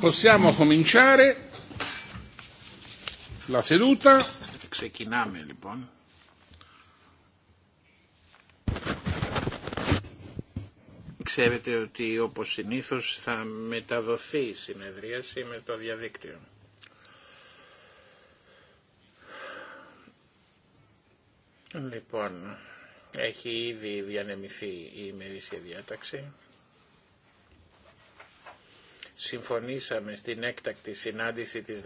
Possiamo cominciare la Ξεκινάμε λοιπόν. Ξέρετε ότι όπως συνήθως θα μεταδοθεί η συνεδρίαση με το διαδίκτυο. Λοιπόν, έχει ήδη διανεμηθεί η ημερήσια διάταξη συμφωνήσαμε στην έκτακτη συνάντηση της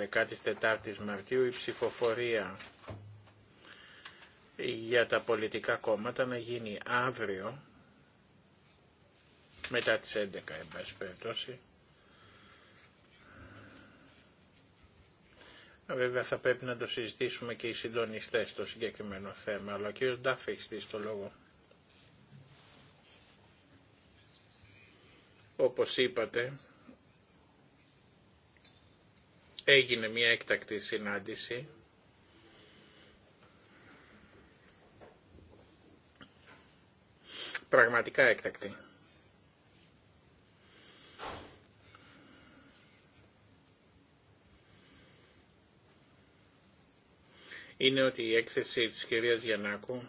14ης Μαρτίου η ψηφοφορία για τα πολιτικά κόμματα να γίνει αύριο μετά τις 11 εν Βέβαια θα πρέπει να το συζητήσουμε και οι συντονιστές στο συγκεκριμένο θέμα, αλλά ο κ. Ντάφ έχει στήσει το λόγο. Όπως είπατε, έγινε μια έκτακτη συνάντηση πραγματικά έκτακτη. είναι ότι η έκθεση της κυρίας Γιαννάκου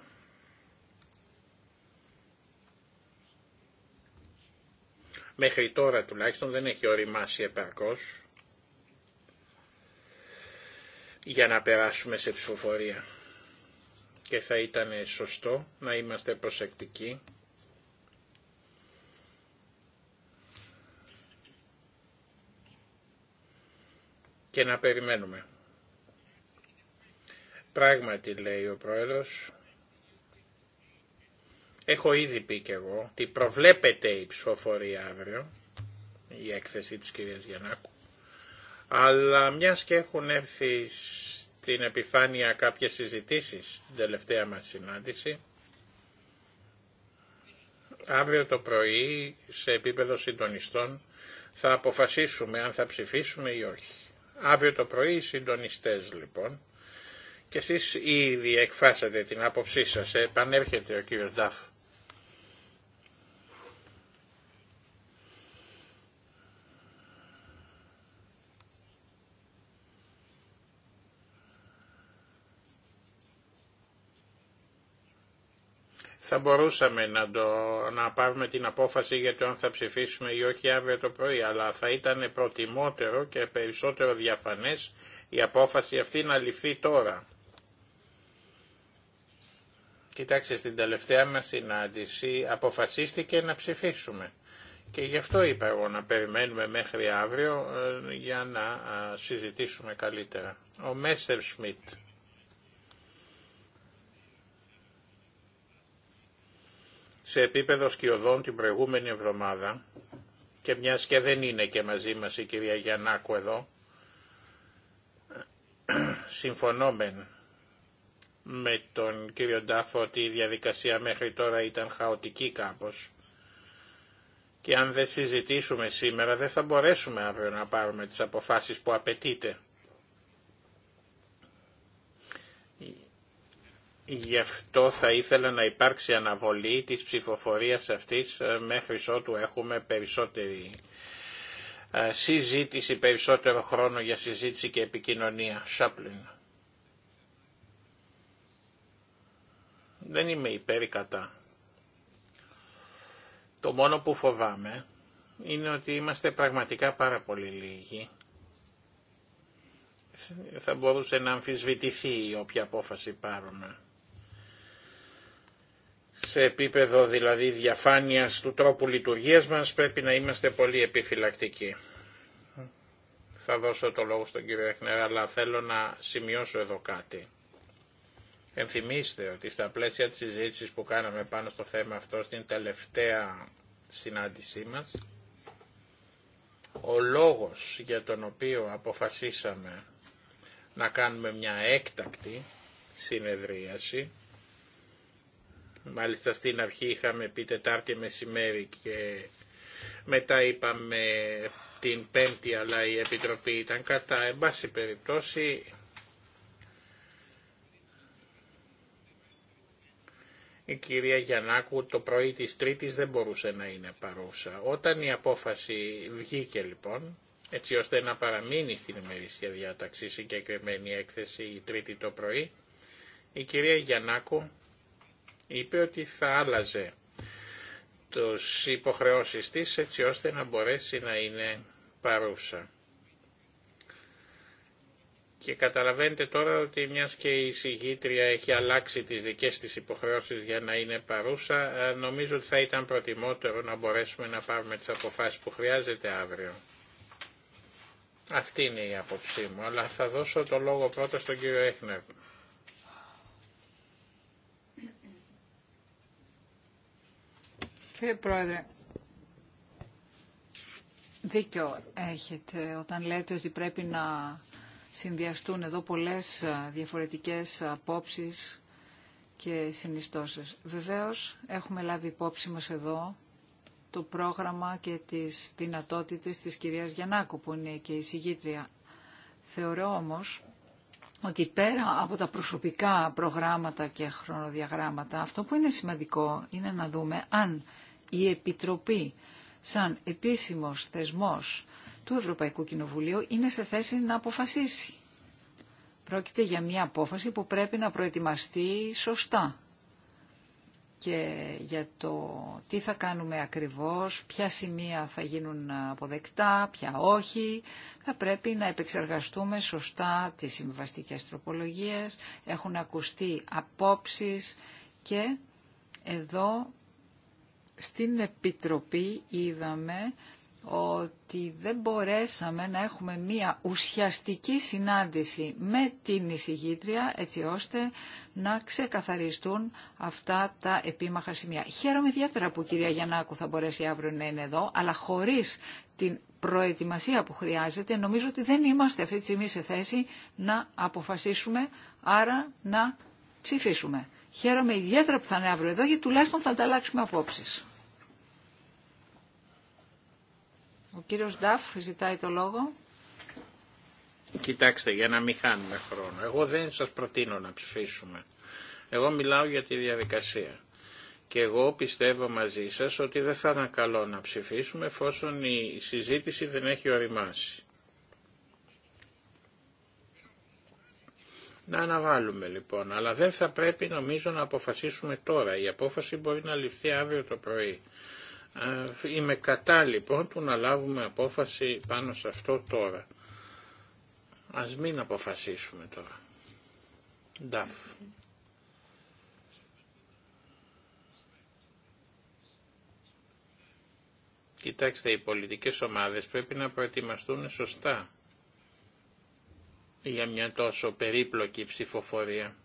μέχρι τώρα τουλάχιστον δεν έχει οριμάσει επαρκώς για να περάσουμε σε ψηφοφορία. Και θα ήταν σωστό να είμαστε προσεκτικοί. και να περιμένουμε. Πράγματι, λέει ο Πρόεδρος, έχω ήδη πει και εγώ ότι προβλέπεται η ψηφοφορία αύριο, η έκθεση της κυρίας Γιαννάκου, αλλά μιας και έχουν έρθει στην επιφάνεια κάποιες συζητήσεις την τελευταία μας συνάντηση, αύριο το πρωί σε επίπεδο συντονιστών θα αποφασίσουμε αν θα ψηφίσουμε ή όχι. Αύριο το πρωί οι συντονιστές λοιπόν και εσείς ήδη εκφράσατε την άποψή σας, επανέρχεται ο κύριος Ντάφ. θα μπορούσαμε να, να πάρουμε την απόφαση για το αν θα ψηφίσουμε ή όχι αύριο το πρωί, αλλά θα ήταν προτιμότερο και περισσότερο διαφανές η απόφαση αυτή να ληφθεί τώρα. Κοιτάξτε, στην τελευταία μας συνάντηση αποφασίστηκε να ψηφίσουμε. Και γι' αυτό είπα εγώ να περιμένουμε μέχρι αύριο ε, για να συζητήσουμε καλύτερα. Ο Μέσερ Σμιτ. σε επίπεδο σκιωδών την προηγούμενη εβδομάδα και μιας και δεν είναι και μαζί μας η κυρία Γιαννάκου εδώ, συμφωνόμεν με τον κύριο Ντάφο ότι η διαδικασία μέχρι τώρα ήταν χαοτική κάπως και αν δεν συζητήσουμε σήμερα δεν θα μπορέσουμε αύριο να πάρουμε τις αποφάσεις που απαιτείται. Γι' αυτό θα ήθελα να υπάρξει αναβολή της ψηφοφορίας αυτής ε, μέχρι ότου έχουμε περισσότερη ε, συζήτηση, περισσότερο χρόνο για συζήτηση και επικοινωνία. Σάπλιν. Δεν είμαι υπέρ ή κατά. Το μόνο που φοβάμαι είναι ότι είμαστε πραγματικά πάρα πολύ λίγοι. Θα μπορούσε να αμφισβητηθεί η όποια απόφαση να αμφισβητηθει οποια αποφαση παρουμε σε επίπεδο δηλαδή διαφάνειας του τρόπου λειτουργίας μας πρέπει να είμαστε πολύ επιφυλακτικοί. Θα δώσω το λόγο στον κύριο Έχνερα, αλλά θέλω να σημειώσω εδώ κάτι. Ενθυμίστε ότι στα πλαίσια της συζήτησης που κάναμε πάνω στο θέμα αυτό στην τελευταία συνάντησή μας, ο λόγος για τον οποίο αποφασίσαμε να κάνουμε μια έκτακτη συνεδρίαση Μάλιστα στην αρχή είχαμε πει Τετάρτη μεσημέρι και μετά είπαμε την Πέμπτη αλλά η Επιτροπή ήταν κατά. Εν πάση περιπτώσει η κυρία Γιαννάκου το πρωί της Τρίτης δεν μπορούσε να είναι παρούσα. Όταν η απόφαση βγήκε λοιπόν, έτσι ώστε να παραμείνει στην ημερήσια διάταξη συγκεκριμένη έκθεση η Τρίτη το πρωί, η κυρία Γιαννάκου είπε ότι θα άλλαζε τους υποχρεώσεις της έτσι ώστε να μπορέσει να είναι παρούσα. Και καταλαβαίνετε τώρα ότι μιας και η συγγήτρια έχει αλλάξει τις δικές της υποχρεώσεις για να είναι παρούσα, ε, νομίζω ότι θα ήταν προτιμότερο να μπορέσουμε να πάρουμε τις αποφάσεις που χρειάζεται αύριο. Αυτή είναι η άποψή μου, αλλά θα δώσω το λόγο πρώτα στον κύριο Έχνερ. Κύριε Πρόεδρε, δίκιο έχετε όταν λέτε ότι πρέπει να συνδυαστούν εδώ πολλές διαφορετικές απόψεις και συνιστώσεις. Βεβαίως έχουμε λάβει υπόψη μας εδώ το πρόγραμμα και τις δυνατότητες της κυρίας Γιαννάκου που είναι και η συγγήτρια. Θεωρώ όμως ότι πέρα από τα προσωπικά προγράμματα και χρονοδιαγράμματα αυτό που είναι σημαντικό είναι να δούμε αν η Επιτροπή σαν επίσημος θεσμός του Ευρωπαϊκού Κοινοβουλίου είναι σε θέση να αποφασίσει. Πρόκειται για μια απόφαση που πρέπει να προετοιμαστεί σωστά και για το τι θα κάνουμε ακριβώς, ποια σημεία θα γίνουν αποδεκτά, ποια όχι. Θα πρέπει να επεξεργαστούμε σωστά τις συμβαστικές τροπολογίες, έχουν ακουστεί απόψεις και εδώ στην Επιτροπή είδαμε ότι δεν μπορέσαμε να έχουμε μία ουσιαστική συνάντηση με την εισηγήτρια έτσι ώστε να ξεκαθαριστούν αυτά τα επίμαχα σημεία. Χαίρομαι ιδιαίτερα που η κυρία Γιαννάκου θα μπορέσει αύριο να είναι εδώ, αλλά χωρίς την προετοιμασία που χρειάζεται νομίζω ότι δεν είμαστε αυτή τη στιγμή σε θέση να αποφασίσουμε, άρα να ψηφίσουμε. Χαίρομαι ιδιαίτερα που θα είναι αύριο εδώ γιατί τουλάχιστον θα ανταλλάξουμε απόψεις. Ο κύριος Νταφ ζητάει το λόγο. Κοιτάξτε, για να μην χάνουμε χρόνο. Εγώ δεν σας προτείνω να ψηφίσουμε. Εγώ μιλάω για τη διαδικασία. Και εγώ πιστεύω μαζί σας ότι δεν θα ήταν καλό να ψηφίσουμε εφόσον η συζήτηση δεν έχει οριμάσει. να αναβάλουμε λοιπόν, αλλά δεν θα πρέπει νομίζω να αποφασίσουμε τώρα. Η απόφαση μπορεί να ληφθεί αύριο το πρωί. Ε, είμαι κατά λοιπόν του να λάβουμε απόφαση πάνω σε αυτό τώρα. Ας μην αποφασίσουμε τώρα. Νταφ. Κοιτάξτε, οι πολιτικές ομάδες πρέπει να προετοιμαστούν σωστά για μια τόσο περίπλοκη ψηφοφορία.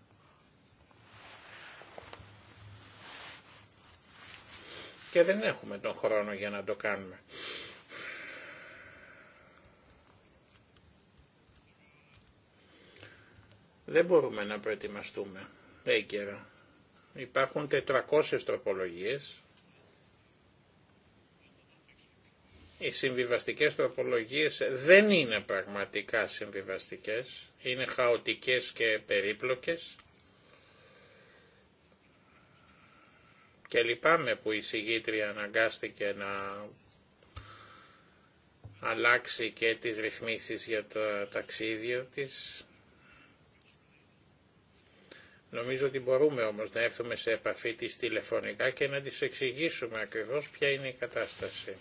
Και δεν έχουμε τον χρόνο για να το κάνουμε. Δεν μπορούμε να προετοιμαστούμε έγκαιρα. Υπάρχουν 400 τροπολογίες οι συμβιβαστικές τροπολογίες δεν είναι πραγματικά συμβιβαστικές, είναι χαοτικές και περίπλοκες και λυπάμαι που η συγγήτρια αναγκάστηκε να αλλάξει και τις ρυθμίσεις για το ταξίδιο της. Νομίζω ότι μπορούμε όμως να έρθουμε σε επαφή της τηλεφωνικά και να της εξηγήσουμε ακριβώς ποια είναι η κατάσταση.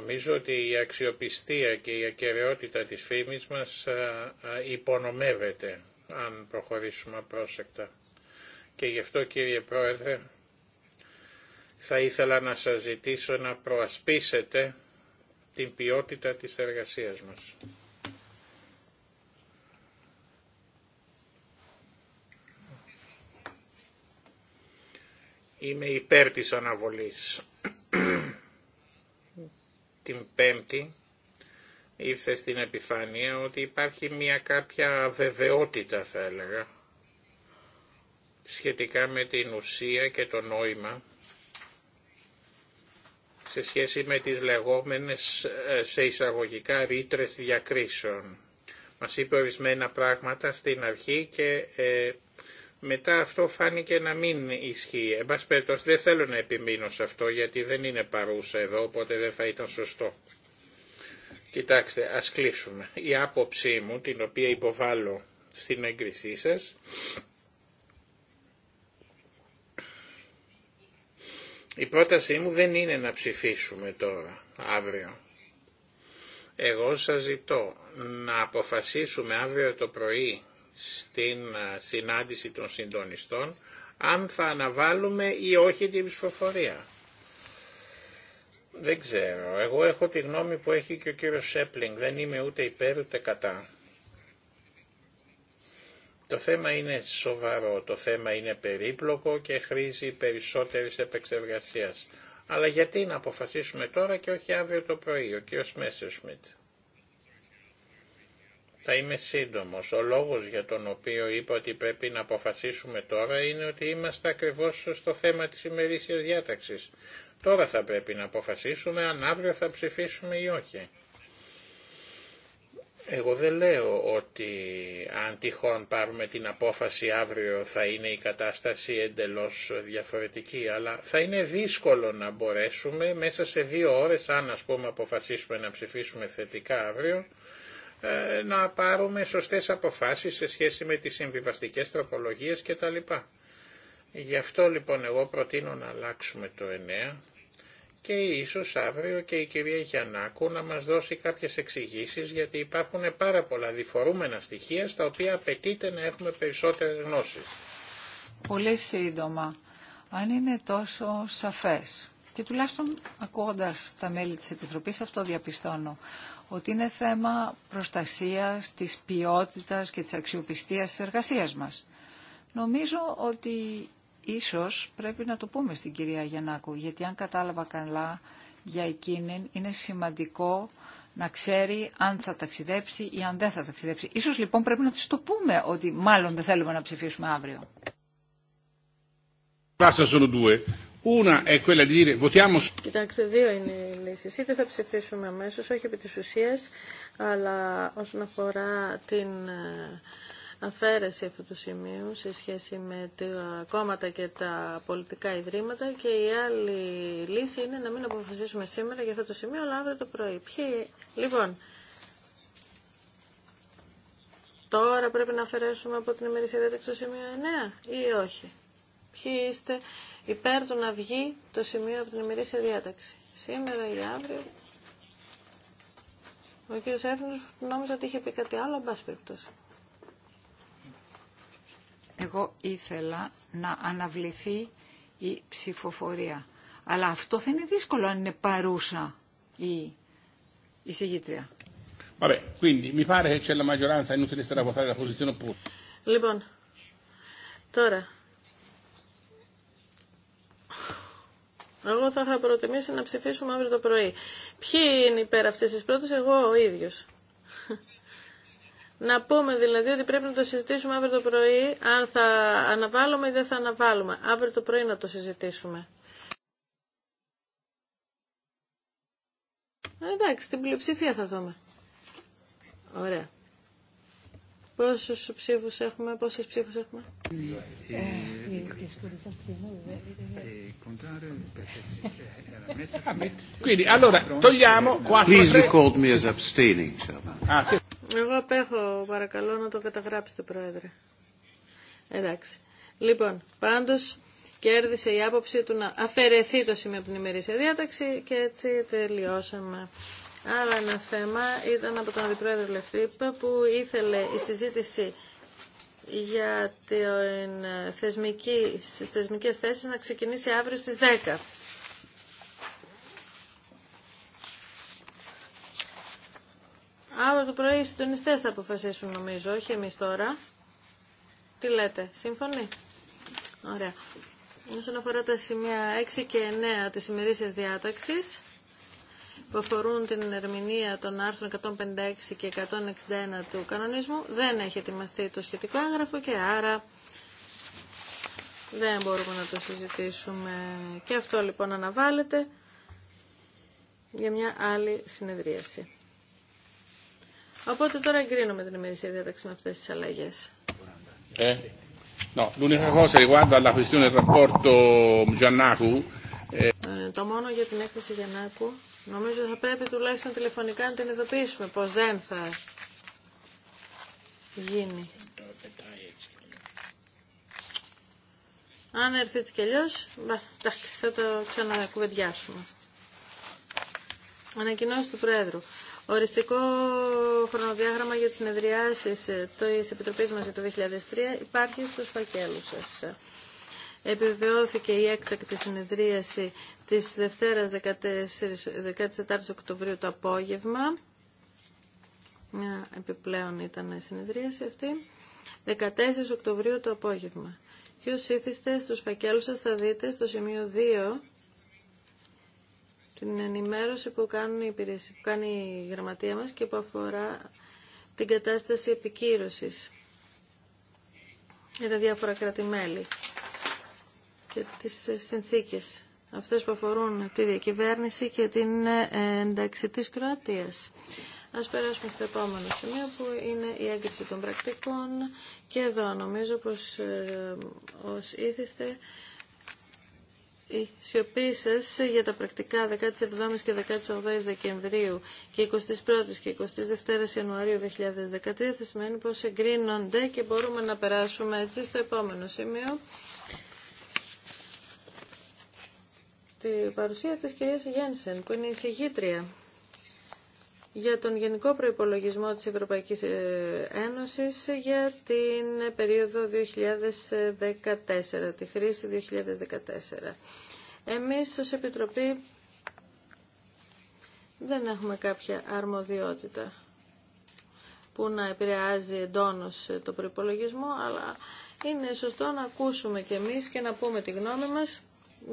Νομίζω ότι η αξιοπιστία και η ακεραιότητα της φήμης μας υπονομεύεται αν προχωρήσουμε πρόσεκτα. Και γι' αυτό κύριε Πρόεδρε θα ήθελα να σας ζητήσω να προασπίσετε την ποιότητα της εργασίας μας. Είμαι υπέρ της αναβολής την Πέμπτη ήρθε στην επιφάνεια ότι υπάρχει μια κάποια αβεβαιότητα θα έλεγα σχετικά με την ουσία και το νόημα σε σχέση με τις λεγόμενες ε, σε εισαγωγικά ρήτρες διακρίσεων. Μας είπε ορισμένα πράγματα στην αρχή και ε, μετά αυτό φάνηκε να μην ισχύει. Εμπασπέτως δεν θέλω να επιμείνω σε αυτό γιατί δεν είναι παρούσα εδώ οπότε δεν θα ήταν σωστό. Κοιτάξτε, ας κλείσουμε. Η άποψή μου, την οποία υποβάλλω στην έγκρισή σας, η πρότασή μου δεν είναι να ψηφίσουμε τώρα, αύριο. Εγώ σας ζητώ να αποφασίσουμε αύριο το πρωί στην ε, συνάντηση των συντονιστών αν θα αναβάλουμε ή όχι την ψηφοφορία. Δεν ξέρω. Εγώ έχω τη γνώμη που έχει και ο κύριος Σέπλινγκ. Δεν είμαι ούτε υπέρ ούτε κατά. Το θέμα είναι σοβαρό, το θέμα είναι περίπλοκο και χρήζει περισσότερης επεξεργασίας. Αλλά γιατί να αποφασίσουμε τώρα και όχι αύριο το πρωί, ο κύριος Μέσσερ Σμιτ. Θα είμαι σύντομος. Ο λόγος για τον οποίο είπα ότι πρέπει να αποφασίσουμε τώρα είναι ότι είμαστε ακριβώς στο θέμα της ημερήσιας διάταξης. Τώρα θα πρέπει να αποφασίσουμε αν αύριο θα ψηφίσουμε ή όχι. Εγώ δεν λέω ότι αν τυχόν πάρουμε την απόφαση αύριο θα είναι η κατάσταση εντελώς διαφορετική, αλλά θα είναι δύσκολο να μπορέσουμε μέσα σε δύο ώρες, αν ας πούμε αποφασίσουμε να ψηφίσουμε θετικά αύριο, ε, να πάρουμε σωστές αποφάσεις σε σχέση με τις συμβιβαστικές τροπολογίες κτλ. Γι' αυτό λοιπόν εγώ προτείνω να αλλάξουμε το 9 και ίσως αύριο και η κυρία Γιαννάκου να μας δώσει κάποιες εξηγήσει γιατί υπάρχουν πάρα πολλά διφορούμενα στοιχεία στα οποία απαιτείται να έχουμε περισσότερες γνώσεις. Πολύ σύντομα, αν είναι τόσο σαφές και τουλάχιστον ακούγοντας τα μέλη της Επιτροπής αυτό διαπιστώνω ότι είναι θέμα προστασίας της ποιότητας και της αξιοπιστίας της εργασίας μας. Νομίζω ότι ίσως πρέπει να το πούμε στην κυρία Γιαννάκου, γιατί αν κατάλαβα καλά για εκείνη είναι σημαντικό να ξέρει αν θα ταξιδέψει ή αν δεν θα ταξιδέψει. Ίσως λοιπόν πρέπει να της το πούμε ότι μάλλον δεν θέλουμε να ψηφίσουμε αύριο. Una è quella di dire votiamo. Κοιτάξτε, δύο είναι οι λύσει. Είτε θα ψηφίσουμε αμέσω, όχι επί τη ουσία, αλλά όσον αφορά την ε, αφαίρεση αυτού του σημείου σε σχέση με τα κόμματα και τα πολιτικά ιδρύματα και η άλλη λύση είναι να μην αποφασίσουμε σήμερα για αυτό το σημείο αλλά αύριο το πρωί. Ποιοι... Λοιπόν, τώρα πρέπει να αφαιρέσουμε από την ημερησία διάταξη το σημείο 9 ή όχι. Ποιοι είστε υπέρ του να βγει το σημείο από την ημερήσια διάταξη. Σήμερα ή αύριο. Ο κύριος Έφνος νόμιζα ότι είχε πει κάτι άλλο, μπας περιπτώσει. Εγώ ήθελα να αναβληθεί η ψηφοφορία. Αλλά αυτό θα είναι δύσκολο αν είναι παρούσα η εισηγήτρια. Λοιπόν, τώρα, Εγώ θα είχα προτιμήσει να ψηφίσουμε αύριο το πρωί. Ποιοι είναι υπέρ αυτή τη εγώ ο ίδιος. Να πούμε δηλαδή ότι πρέπει να το συζητήσουμε αύριο το πρωί, αν θα αναβάλουμε ή δεν θα αναβάλουμε. Αύριο το πρωί να το συζητήσουμε. Εντάξει, την πλειοψηφία θα δούμε. Ωραία. Πόσους ψήφους έχουμε, πόσες ψήφους έχουμε. Ah, Εγώ απέχω, παρακαλώ να το καταγράψετε, Πρόεδρε. Εντάξει. Λοιπόν, πάντως κέρδισε η άποψη του να αφαιρεθεί το σημείο από την ημερήσια διάταξη και έτσι τελειώσαμε. Άλλο ένα θέμα ήταν από τον Αντιπρόεδρο Λεφτύπ που ήθελε η συζήτηση για την θεσμική, στις θεσμικές θέσεις να ξεκινήσει αύριο στις 10. Αύριο το πρωί οι συντονιστές θα αποφασίσουν νομίζω, όχι εμείς τώρα. Τι λέτε, σύμφωνοι? Ωραία. Όσον αφορά τα σημεία 6 και 9 της ημερήσια διάταξης, που αφορούν την ερμηνεία των άρθρων 156 και 161 του κανονισμού δεν έχει ετοιμαστεί το σχετικό έγγραφο και άρα δεν μπορούμε να το συζητήσουμε. Και αυτό λοιπόν αναβάλλεται για μια άλλη συνεδρίαση. Οπότε τώρα εγκρίνουμε την ημερησία διάταξη με αυτές τις αλλαγές. Ε, no, l'unica cosa riguardo alla questione del rapporto ε, το μόνο για την έκθεση Νομίζω θα πρέπει τουλάχιστον τηλεφωνικά να την ειδοποιήσουμε πως δεν θα γίνει. Αν έρθει έτσι κι αλλιώς, εντάξει, θα το ξανακουβεντιάσουμε. Ανακοινώσει του Πρόεδρου. Οριστικό χρονοδιάγραμμα για τις συνεδριάσεις ε, της Επιτροπής μας για το 2003 υπάρχει στους φακέλους σας επιβεβαιώθηκε η έκτακτη συνεδρίαση της Δευτέρας 14, Οκτωβρίου το απόγευμα. Μια επιπλέον ήταν η συνεδρίαση αυτή. 14 Οκτωβρίου το απόγευμα. Και ως ήθιστε στους φακέλους σας θα δείτε στο σημείο 2 την ενημέρωση που, κάνουν κάνει η γραμματεία μας και που αφορά την κατάσταση επικύρωσης για τα διάφορα κράτη-μέλη και τις ε, συνθήκες αυτές που αφορούν τη διακυβέρνηση και την ε, ένταξη της Κροατίας. Ας περάσουμε στο επόμενο σημείο που είναι η έγκριση των πρακτικών και εδώ νομίζω πως ε, ως ήθιστε η σιωπή σα για τα πρακτικά 17 και 18 Δεκεμβρίου και 21 η και 22 Ιανουαρίου 2013 θα σημαίνει πως εγκρίνονται και μπορούμε να περάσουμε έτσι στο επόμενο σημείο Τη παρουσία της κυρίας Γένσεν, που είναι η συγγήτρια για τον Γενικό Προϋπολογισμό της Ευρωπαϊκής ε, Ένωσης για την περίοδο 2014, τη χρήση 2014. Εμείς ως Επιτροπή δεν έχουμε κάποια αρμοδιότητα που να επηρεάζει εντόνως το προϋπολογισμό, αλλά είναι σωστό να ακούσουμε και εμείς και να πούμε τη γνώμη μας.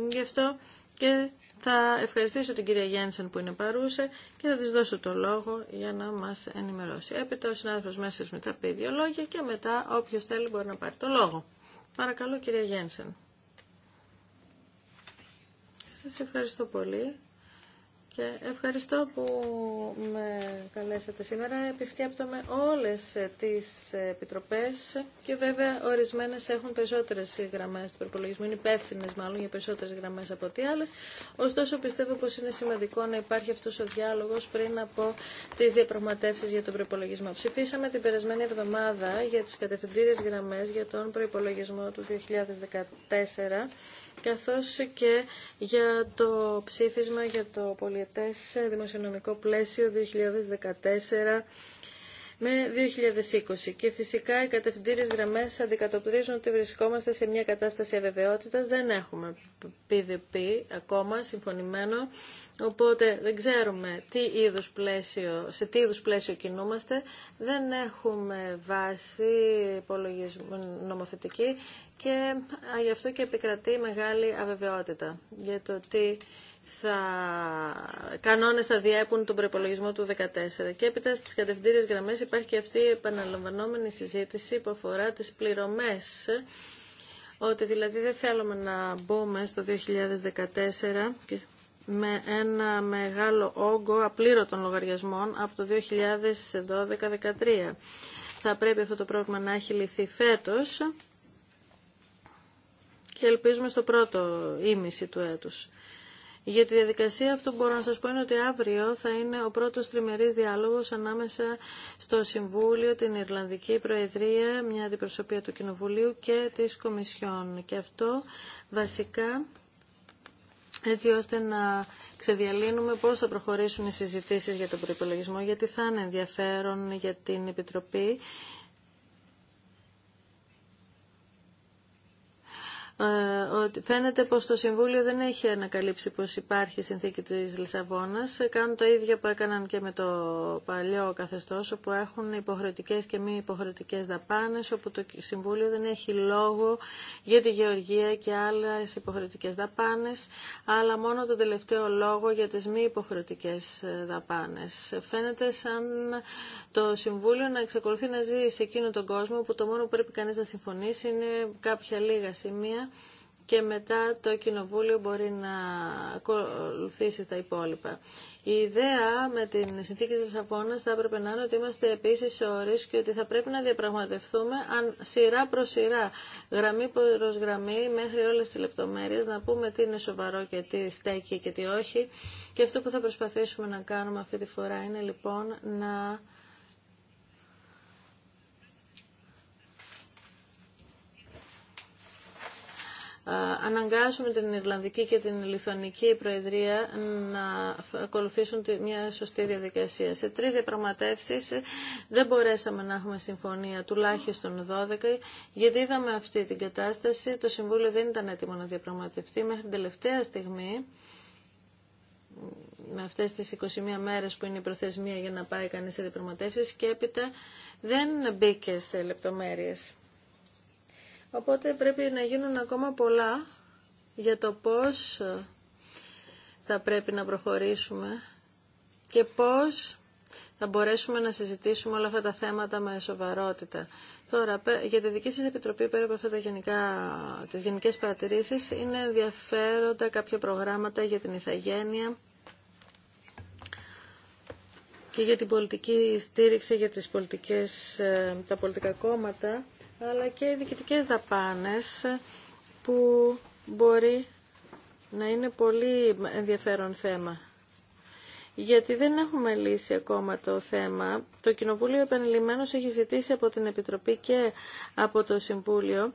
Γι' αυτό και θα ευχαριστήσω την κυρία Γένσεν που είναι παρούσα και θα της δώσω το λόγο για να μας ενημερώσει. Έπειτα ο συνάδελφος μέσα μετά πει δύο λόγια και μετά όποιος θέλει μπορεί να πάρει το λόγο. Παρακαλώ κυρία Γένσεν. Σας ευχαριστώ πολύ. Και ευχαριστώ που με καλέσατε σήμερα. Επισκέπτομαι όλες τις επιτροπές και βέβαια ορισμένες έχουν περισσότερες γραμμές του προπολογισμού, είναι υπεύθυνε μάλλον για περισσότερες γραμμές από ό,τι άλλες. Ωστόσο πιστεύω πως είναι σημαντικό να υπάρχει αυτός ο διάλογος πριν από τις διαπραγματεύσεις για τον προπολογισμό. Ψηφίσαμε την περασμένη εβδομάδα για τις κατευθυντήριες γραμμές για τον προπολογισμό του 2014 καθώς και για το ψήφισμα για το πολιετές δημοσιονομικό πλαίσιο 2014 με 2020. Και φυσικά οι κατευθυντήριες γραμμές αντικατοπτρίζουν ότι βρισκόμαστε σε μια κατάσταση αβεβαιότητας. Δεν έχουμε PDP ακόμα συμφωνημένο, οπότε δεν ξέρουμε τι είδους πλαίσιο, σε τι είδους πλαίσιο κινούμαστε. Δεν έχουμε βάση νομοθετική και γι' αυτό και επικρατεί μεγάλη αβεβαιότητα για το τι θα, κανόνες θα διέπουν τον προπολογισμό του 2014. Και έπειτα στις κατευθύντριες γραμμές υπάρχει και αυτή η επαναλαμβανόμενη συζήτηση που αφορά τις πληρωμές ότι δηλαδή δεν θέλουμε να μπούμε στο 2014 με ένα μεγάλο όγκο απλήρωτων λογαριασμών από το 2012-2013. Θα πρέπει αυτό το πρόβλημα να έχει λυθεί φέτος και ελπίζουμε στο πρώτο ήμιση του έτους. Για τη διαδικασία αυτό που μπορώ να σας πω είναι ότι αύριο θα είναι ο πρώτος τριμερής διάλογος ανάμεσα στο Συμβούλιο, την Ιρλανδική Προεδρία, μια αντιπροσωπεία του Κοινοβουλίου και της Κομισιόν. Και αυτό βασικά έτσι ώστε να ξεδιαλύνουμε πώς θα προχωρήσουν οι συζητήσεις για τον προϋπολογισμό, γιατί θα είναι ενδιαφέρον για την Επιτροπή Ε, ότι φαίνεται πως το Συμβούλιο δεν έχει ανακαλύψει πως υπάρχει συνθήκη της Λισαβόνας. Ε, κάνουν το ίδιο που έκαναν και με το παλιό καθεστώς, όπου έχουν υποχρεωτικές και μη υποχρεωτικές δαπάνες, όπου το Συμβούλιο δεν έχει λόγο για τη γεωργία και άλλες υποχρεωτικές δαπάνες, αλλά μόνο τον τελευταίο λόγο για τις μη υποχρεωτικές ε, δαπάνες. Φαίνεται σαν το Συμβούλιο να εξακολουθεί να ζει σε εκείνο τον κόσμο, που το μόνο που πρέπει κανείς να συμφωνήσει είναι κάποια λίγα σημεία και μετά το Κοινοβούλιο μπορεί να ακολουθήσει τα υπόλοιπα. Η ιδέα με την συνθήκη της Λισαβόνας θα έπρεπε να είναι ότι είμαστε επίσης όρις και ότι θα πρέπει να διαπραγματευτούμε αν σειρά προς σειρά, γραμμή προς γραμμή, μέχρι όλες τις λεπτομέρειες, να πούμε τι είναι σοβαρό και τι στέκει και τι όχι. Και αυτό που θα προσπαθήσουμε να κάνουμε αυτή τη φορά είναι λοιπόν να αναγκάσουμε την Ιρλανδική και την Λιθουανική Προεδρία να ακολουθήσουν μια σωστή διαδικασία. Σε τρεις διαπραγματεύσεις ε, δεν μπορέσαμε να έχουμε συμφωνία τουλάχιστον 12 γιατί είδαμε αυτή την κατάσταση. Το Συμβούλιο δεν ήταν έτοιμο να διαπραγματευτεί μέχρι την τελευταία στιγμή με αυτές τις 21 μέρες που είναι η προθεσμία για να πάει κανείς σε διαπραγματεύσεις και έπειτα δεν μπήκε σε λεπτομέρειες. Οπότε πρέπει να γίνουν ακόμα πολλά για το πώς ε, θα πρέπει να προχωρήσουμε και πώς θα μπορέσουμε να συζητήσουμε όλα αυτά τα θέματα με σοβαρότητα. Τώρα, για τη δική σας επιτροπή, πέρα από αυτά τα γενικά, τις γενικές παρατηρήσεις, είναι ενδιαφέροντα κάποια προγράμματα για την ηθαγένεια και για την πολιτική στήριξη για τις ε, τα πολιτικά κόμματα αλλά και οι διοικητικές δαπάνες που μπορεί να είναι πολύ ενδιαφέρον θέμα. Γιατί δεν έχουμε λύσει ακόμα το θέμα. Το Κοινοβούλιο επανειλημμένως έχει ζητήσει από την Επιτροπή και από το Συμβούλιο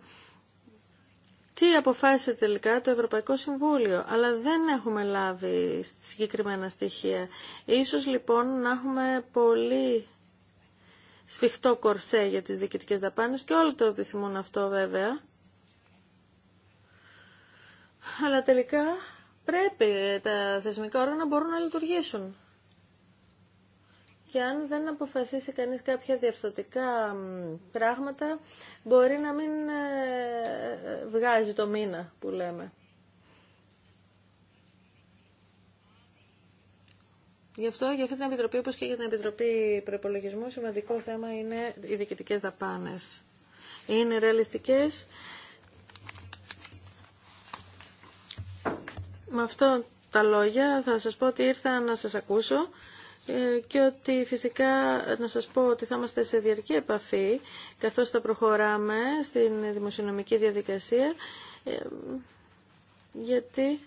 τι αποφάσισε τελικά το Ευρωπαϊκό Συμβούλιο, αλλά δεν έχουμε λάβει συγκεκριμένα στοιχεία. Ίσως λοιπόν να έχουμε πολύ σφιχτό κορσέ για τις διοικητικές δαπάνες και όλοι το επιθυμούν αυτό βέβαια. Αλλά τελικά πρέπει τα θεσμικά όργανα να μπορούν να λειτουργήσουν. Και αν δεν αποφασίσει κανείς κάποια διαρθωτικά πράγματα, μπορεί να μην ε, ε, βγάζει το μήνα που λέμε. Γι' αυτό για αυτή την Επιτροπή, όπως και για την Επιτροπή Προπολογισμού, σημαντικό θέμα είναι οι διοικητικές δαπάνες. Είναι ρεαλιστικές. Με αυτό τα λόγια θα σας πω ότι ήρθα να σας ακούσω ε, και ότι φυσικά να σας πω ότι θα είμαστε σε διαρκή επαφή καθώς θα προχωράμε στην δημοσιονομική διαδικασία ε, γιατί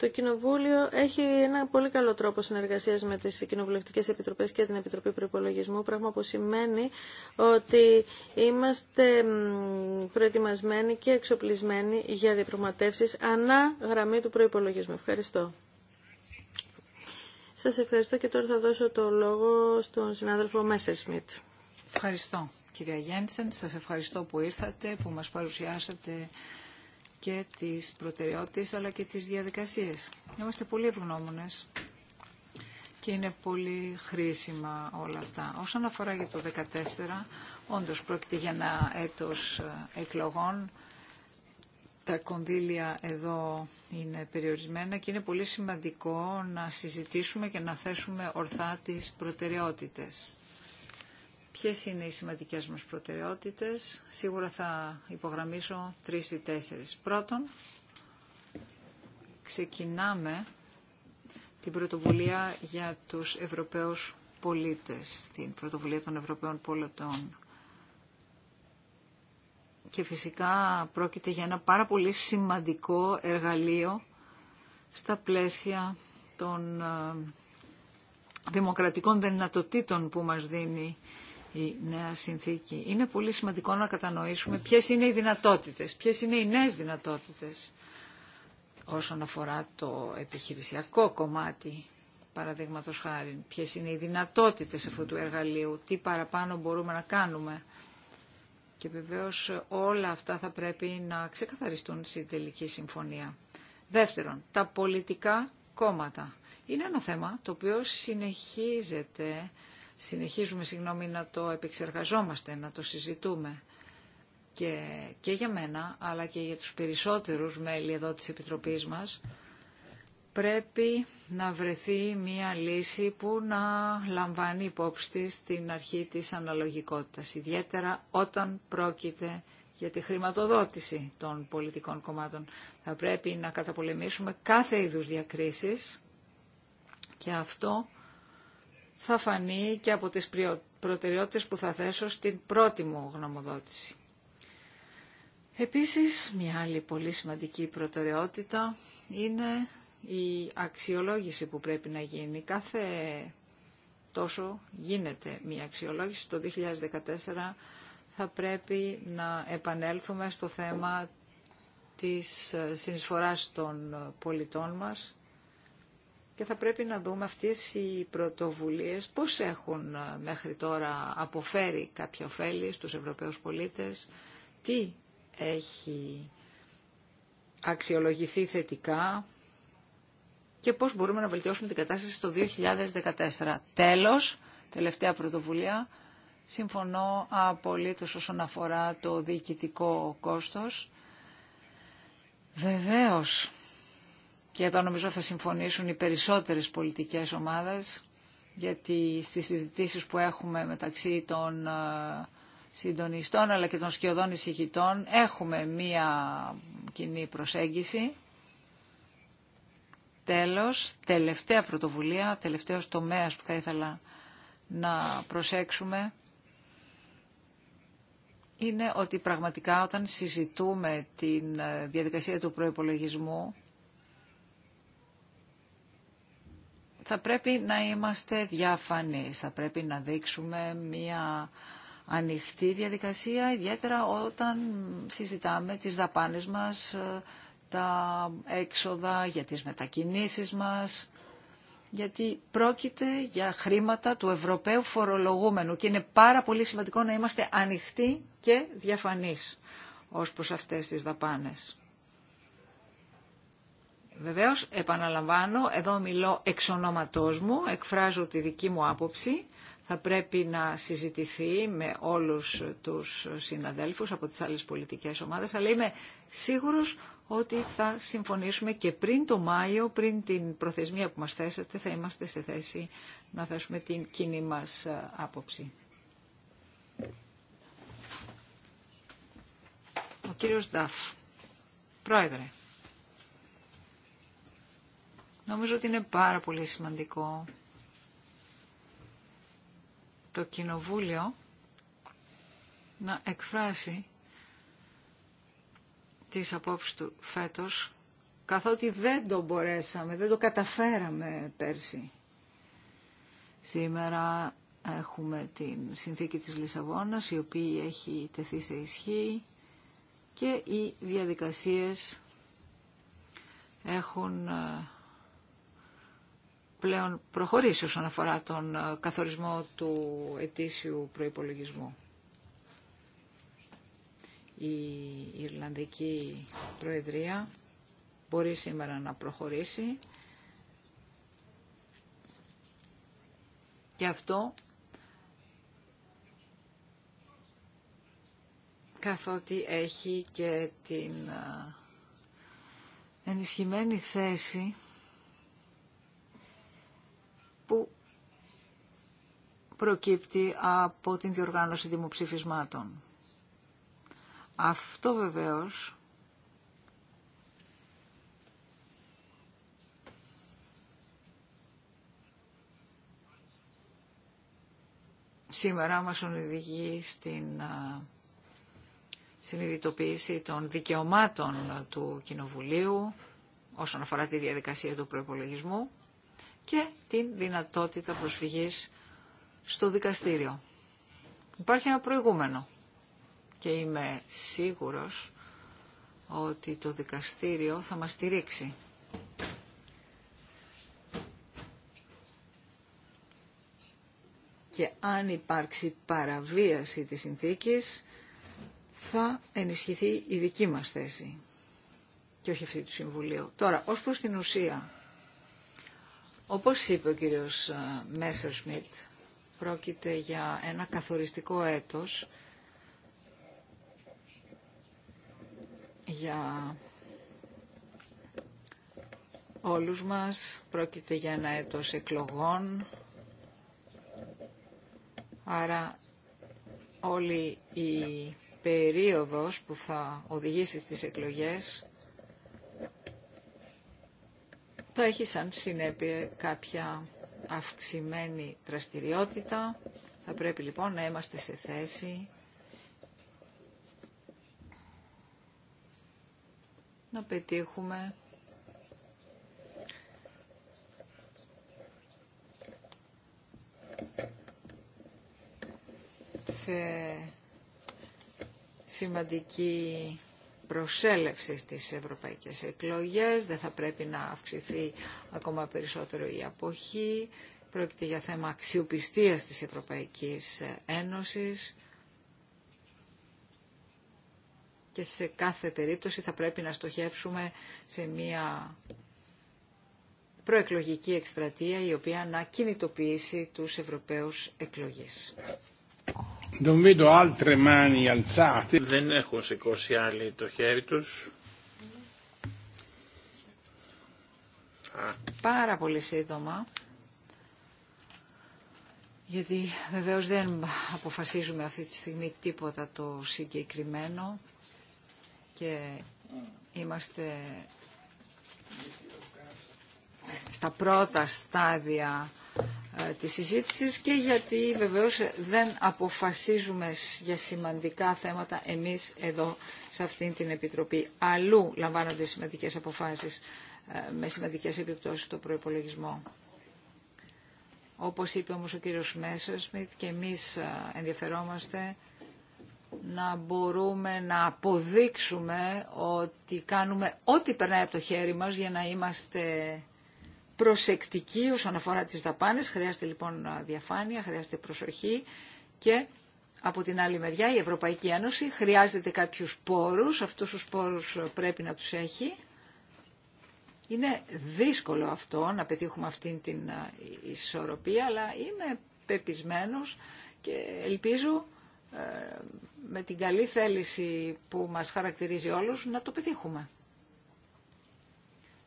το Κοινοβούλιο έχει ένα πολύ καλό τρόπο συνεργασία με τι κοινοβουλευτικέ επιτροπέ και την Επιτροπή Προπολογισμού, πράγμα που σημαίνει ότι είμαστε προετοιμασμένοι και εξοπλισμένοι για διαπραγματεύσει ανά γραμμή του προπολογισμού. Ευχαριστώ. Σας ευχαριστώ και τώρα θα δώσω το λόγο στον συνάδελφο Μέσερ Σμιτ. Ευχαριστώ κυρία Γέντσεν. σας ευχαριστώ που ήρθατε, που μας παρουσιάσατε και τις προτεραιότητες αλλά και τις διαδικασίες. Είμαστε πολύ ευγνώμονες και είναι πολύ χρήσιμα όλα αυτά. Όσον αφορά για το 2014, όντως πρόκειται για ένα έτος ε, εκλογών. Τα κονδύλια εδώ είναι περιορισμένα και είναι πολύ σημαντικό να συζητήσουμε και να θέσουμε ορθά τις προτεραιότητες ποιες είναι οι σημαντικές μας προτεραιότητες. Σίγουρα θα υπογραμμίσω τρεις ή τέσσερις. Πρώτον, ξεκινάμε την πρωτοβουλία για τους Ευρωπαίους πολίτες, την πρωτοβουλία των Ευρωπαίων πολιτών. Και φυσικά πρόκειται για ένα πάρα πολύ σημαντικό εργαλείο στα πλαίσια των ε, δημοκρατικών δυνατοτήτων που μας δίνει η νέα συνθήκη. Είναι πολύ σημαντικό να κατανοήσουμε ποιες είναι οι δυνατότητες, ποιες είναι οι νέες δυνατότητες όσον αφορά το επιχειρησιακό κομμάτι, παραδείγματος χάρη, ποιες είναι οι δυνατότητες αυτού του εργαλείου, τι παραπάνω μπορούμε να κάνουμε. Και βεβαίως όλα αυτά θα πρέπει να ξεκαθαριστούν στην τελική συμφωνία. Δεύτερον, τα πολιτικά κόμματα. Είναι ένα θέμα το οποίο συνεχίζεται συνεχίζουμε συγγνώμη να το επεξεργαζόμαστε, να το συζητούμε και, και για μένα αλλά και για τους περισσότερους μέλη εδώ της Επιτροπής μας πρέπει να βρεθεί μια λύση που να λαμβάνει υπόψη της την αρχή της αναλογικότητας, ιδιαίτερα όταν πρόκειται για τη χρηματοδότηση των πολιτικών κομμάτων. Θα πρέπει να καταπολεμήσουμε κάθε είδους διακρίσεις και αυτό θα φανεί και από τις προτεραιότητες που θα θέσω στην πρώτη μου γνωμοδότηση. Επίσης, μια άλλη πολύ σημαντική προτεραιότητα είναι η αξιολόγηση που πρέπει να γίνει. Κάθε τόσο γίνεται μια αξιολόγηση. Το 2014 θα πρέπει να επανέλθουμε στο θέμα της ε, συνεισφοράς των ε, πολιτών μας και θα πρέπει να δούμε αυτές οι πρωτοβουλίες πώς έχουν ε, μέχρι τώρα αποφέρει κάποια ωφέλη στους Ευρωπαίους πολίτες, τι έχει αξιολογηθεί θετικά και πώς μπορούμε να βελτιώσουμε την κατάσταση το 2014. Τέλος, τελευταία πρωτοβουλία, συμφωνώ απολύτως όσον αφορά το διοικητικό κόστος. Βεβαίως, και εδώ νομίζω θα συμφωνήσουν οι περισσότερες πολιτικές ομάδες γιατί στις συζητήσεις που έχουμε μεταξύ των ε, συντονιστών αλλά και των σκιωδών εισηγητών έχουμε μία κοινή προσέγγιση. Τέλος, τελευταία πρωτοβουλία, τελευταίος τομέας που θα ήθελα να προσέξουμε είναι ότι πραγματικά όταν συζητούμε την ε, διαδικασία του προϋπολογισμού θα πρέπει να είμαστε διαφανείς, θα πρέπει να δείξουμε μια ανοιχτή διαδικασία, ιδιαίτερα όταν συζητάμε τις δαπάνες μας, ε, τα έξοδα για τις μετακινήσεις μας, γιατί πρόκειται για χρήματα του Ευρωπαίου φορολογούμενου και είναι πάρα πολύ σημαντικό να είμαστε ανοιχτοί και διαφανείς ως προς αυτές τις δαπάνες. Βεβαίως, επαναλαμβάνω, εδώ μιλώ εξ ονόματός μου, εκφράζω τη δική μου άποψη. Θα πρέπει να συζητηθεί με όλους τους συναδέλφους από τις άλλες πολιτικές ομάδες, αλλά είμαι σίγουρος ότι θα συμφωνήσουμε και πριν το Μάιο, πριν την προθεσμία που μας θέσατε, θα είμαστε σε θέση να θέσουμε την κοινή μας άποψη. Ο κύριος Νταφ, πρόεδρε. Νομίζω ότι είναι πάρα πολύ σημαντικό το Κοινοβούλιο να εκφράσει τις απόψεις του φέτος, καθότι δεν το μπορέσαμε, δεν το καταφέραμε πέρσι. Σήμερα έχουμε την συνθήκη της Λισαβόνας, η οποία έχει τεθεί σε ισχύ και οι διαδικασίες έχουν ε, πλέον προχωρήσει όσον αφορά τον ε, καθορισμό του ετήσιου προϋπολογισμού. Η Ιρλανδική Προεδρία μπορεί σήμερα να προχωρήσει και αυτό καθότι έχει και την ε, ενισχυμένη θέση που προκύπτει από την διοργάνωση δημοψηφισμάτων. Αυτό βεβαίως σήμερα μας οδηγεί στην συνειδητοποίηση των δικαιωμάτων του Κοινοβουλίου όσον αφορά τη διαδικασία του προϋπολογισμού και την δυνατότητα προσφυγής στο δικαστήριο. Υπάρχει ένα προηγούμενο και είμαι σίγουρος ότι το δικαστήριο θα μας στηρίξει. Και αν υπάρξει παραβίαση της συνθήκης, θα ενισχυθεί η δική μας θέση και όχι αυτή του Συμβουλίου. Τώρα, ως προς την ουσία, όπως είπε ο κύριος Μέσερ Σμιτ, πρόκειται για ένα καθοριστικό έτος για όλους μας. Πρόκειται για ένα έτος εκλογών. Άρα όλη η περίοδος που θα οδηγήσει στις εκλογές θα έχει σαν συνέπεια κάποια αυξημένη δραστηριότητα. Θα πρέπει λοιπόν να είμαστε σε θέση να πετύχουμε σε σημαντική προσέλευση στις ευρωπαϊκές εκλογές, δεν θα πρέπει να αυξηθεί ακόμα περισσότερο η αποχή, πρόκειται για θέμα αξιοπιστίας της Ευρωπαϊκής Ένωσης και σε κάθε περίπτωση θα πρέπει να στοχεύσουμε σε μια προεκλογική εκστρατεία η οποία να κινητοποιήσει τους Ευρωπαίους εκλογές. Δεν έχουν σηκώσει άλλοι το χέρι τους. Πάρα πολύ σύντομα. Γιατί βεβαίως δεν αποφασίζουμε αυτή τη στιγμή τίποτα το συγκεκριμένο και είμαστε στα πρώτα στάδια ε, της συζήτησης και γιατί βεβαίως δεν αποφασίζουμε για σημαντικά θέματα εμείς εδώ σε αυτήν την Επιτροπή. Αλλού λαμβάνονται σημαντικές αποφάσεις ε, με σημαντικές επιπτώσεις στο προϋπολογισμό. Όπως είπε όμως ο κύριος Μέσσερσμιτ, και εμείς ε, ενδιαφερόμαστε να μπορούμε να αποδείξουμε ότι κάνουμε ό,τι περνάει από το χέρι μας για να είμαστε προσεκτικοί όσον αφορά τις δαπάνες. Χρειάζεται λοιπόν διαφάνεια, χρειάζεται προσοχή και από την άλλη μεριά η Ευρωπαϊκή Ένωση χρειάζεται κάποιους πόρους, αυτούς τους πόρους ε, πρέπει να τους έχει. Είναι δύσκολο αυτό να πετύχουμε αυτήν την ε, ισορροπία, αλλά είμαι πεπισμένος και ελπίζω ε, με την καλή θέληση που μας χαρακτηρίζει όλους να το πετύχουμε.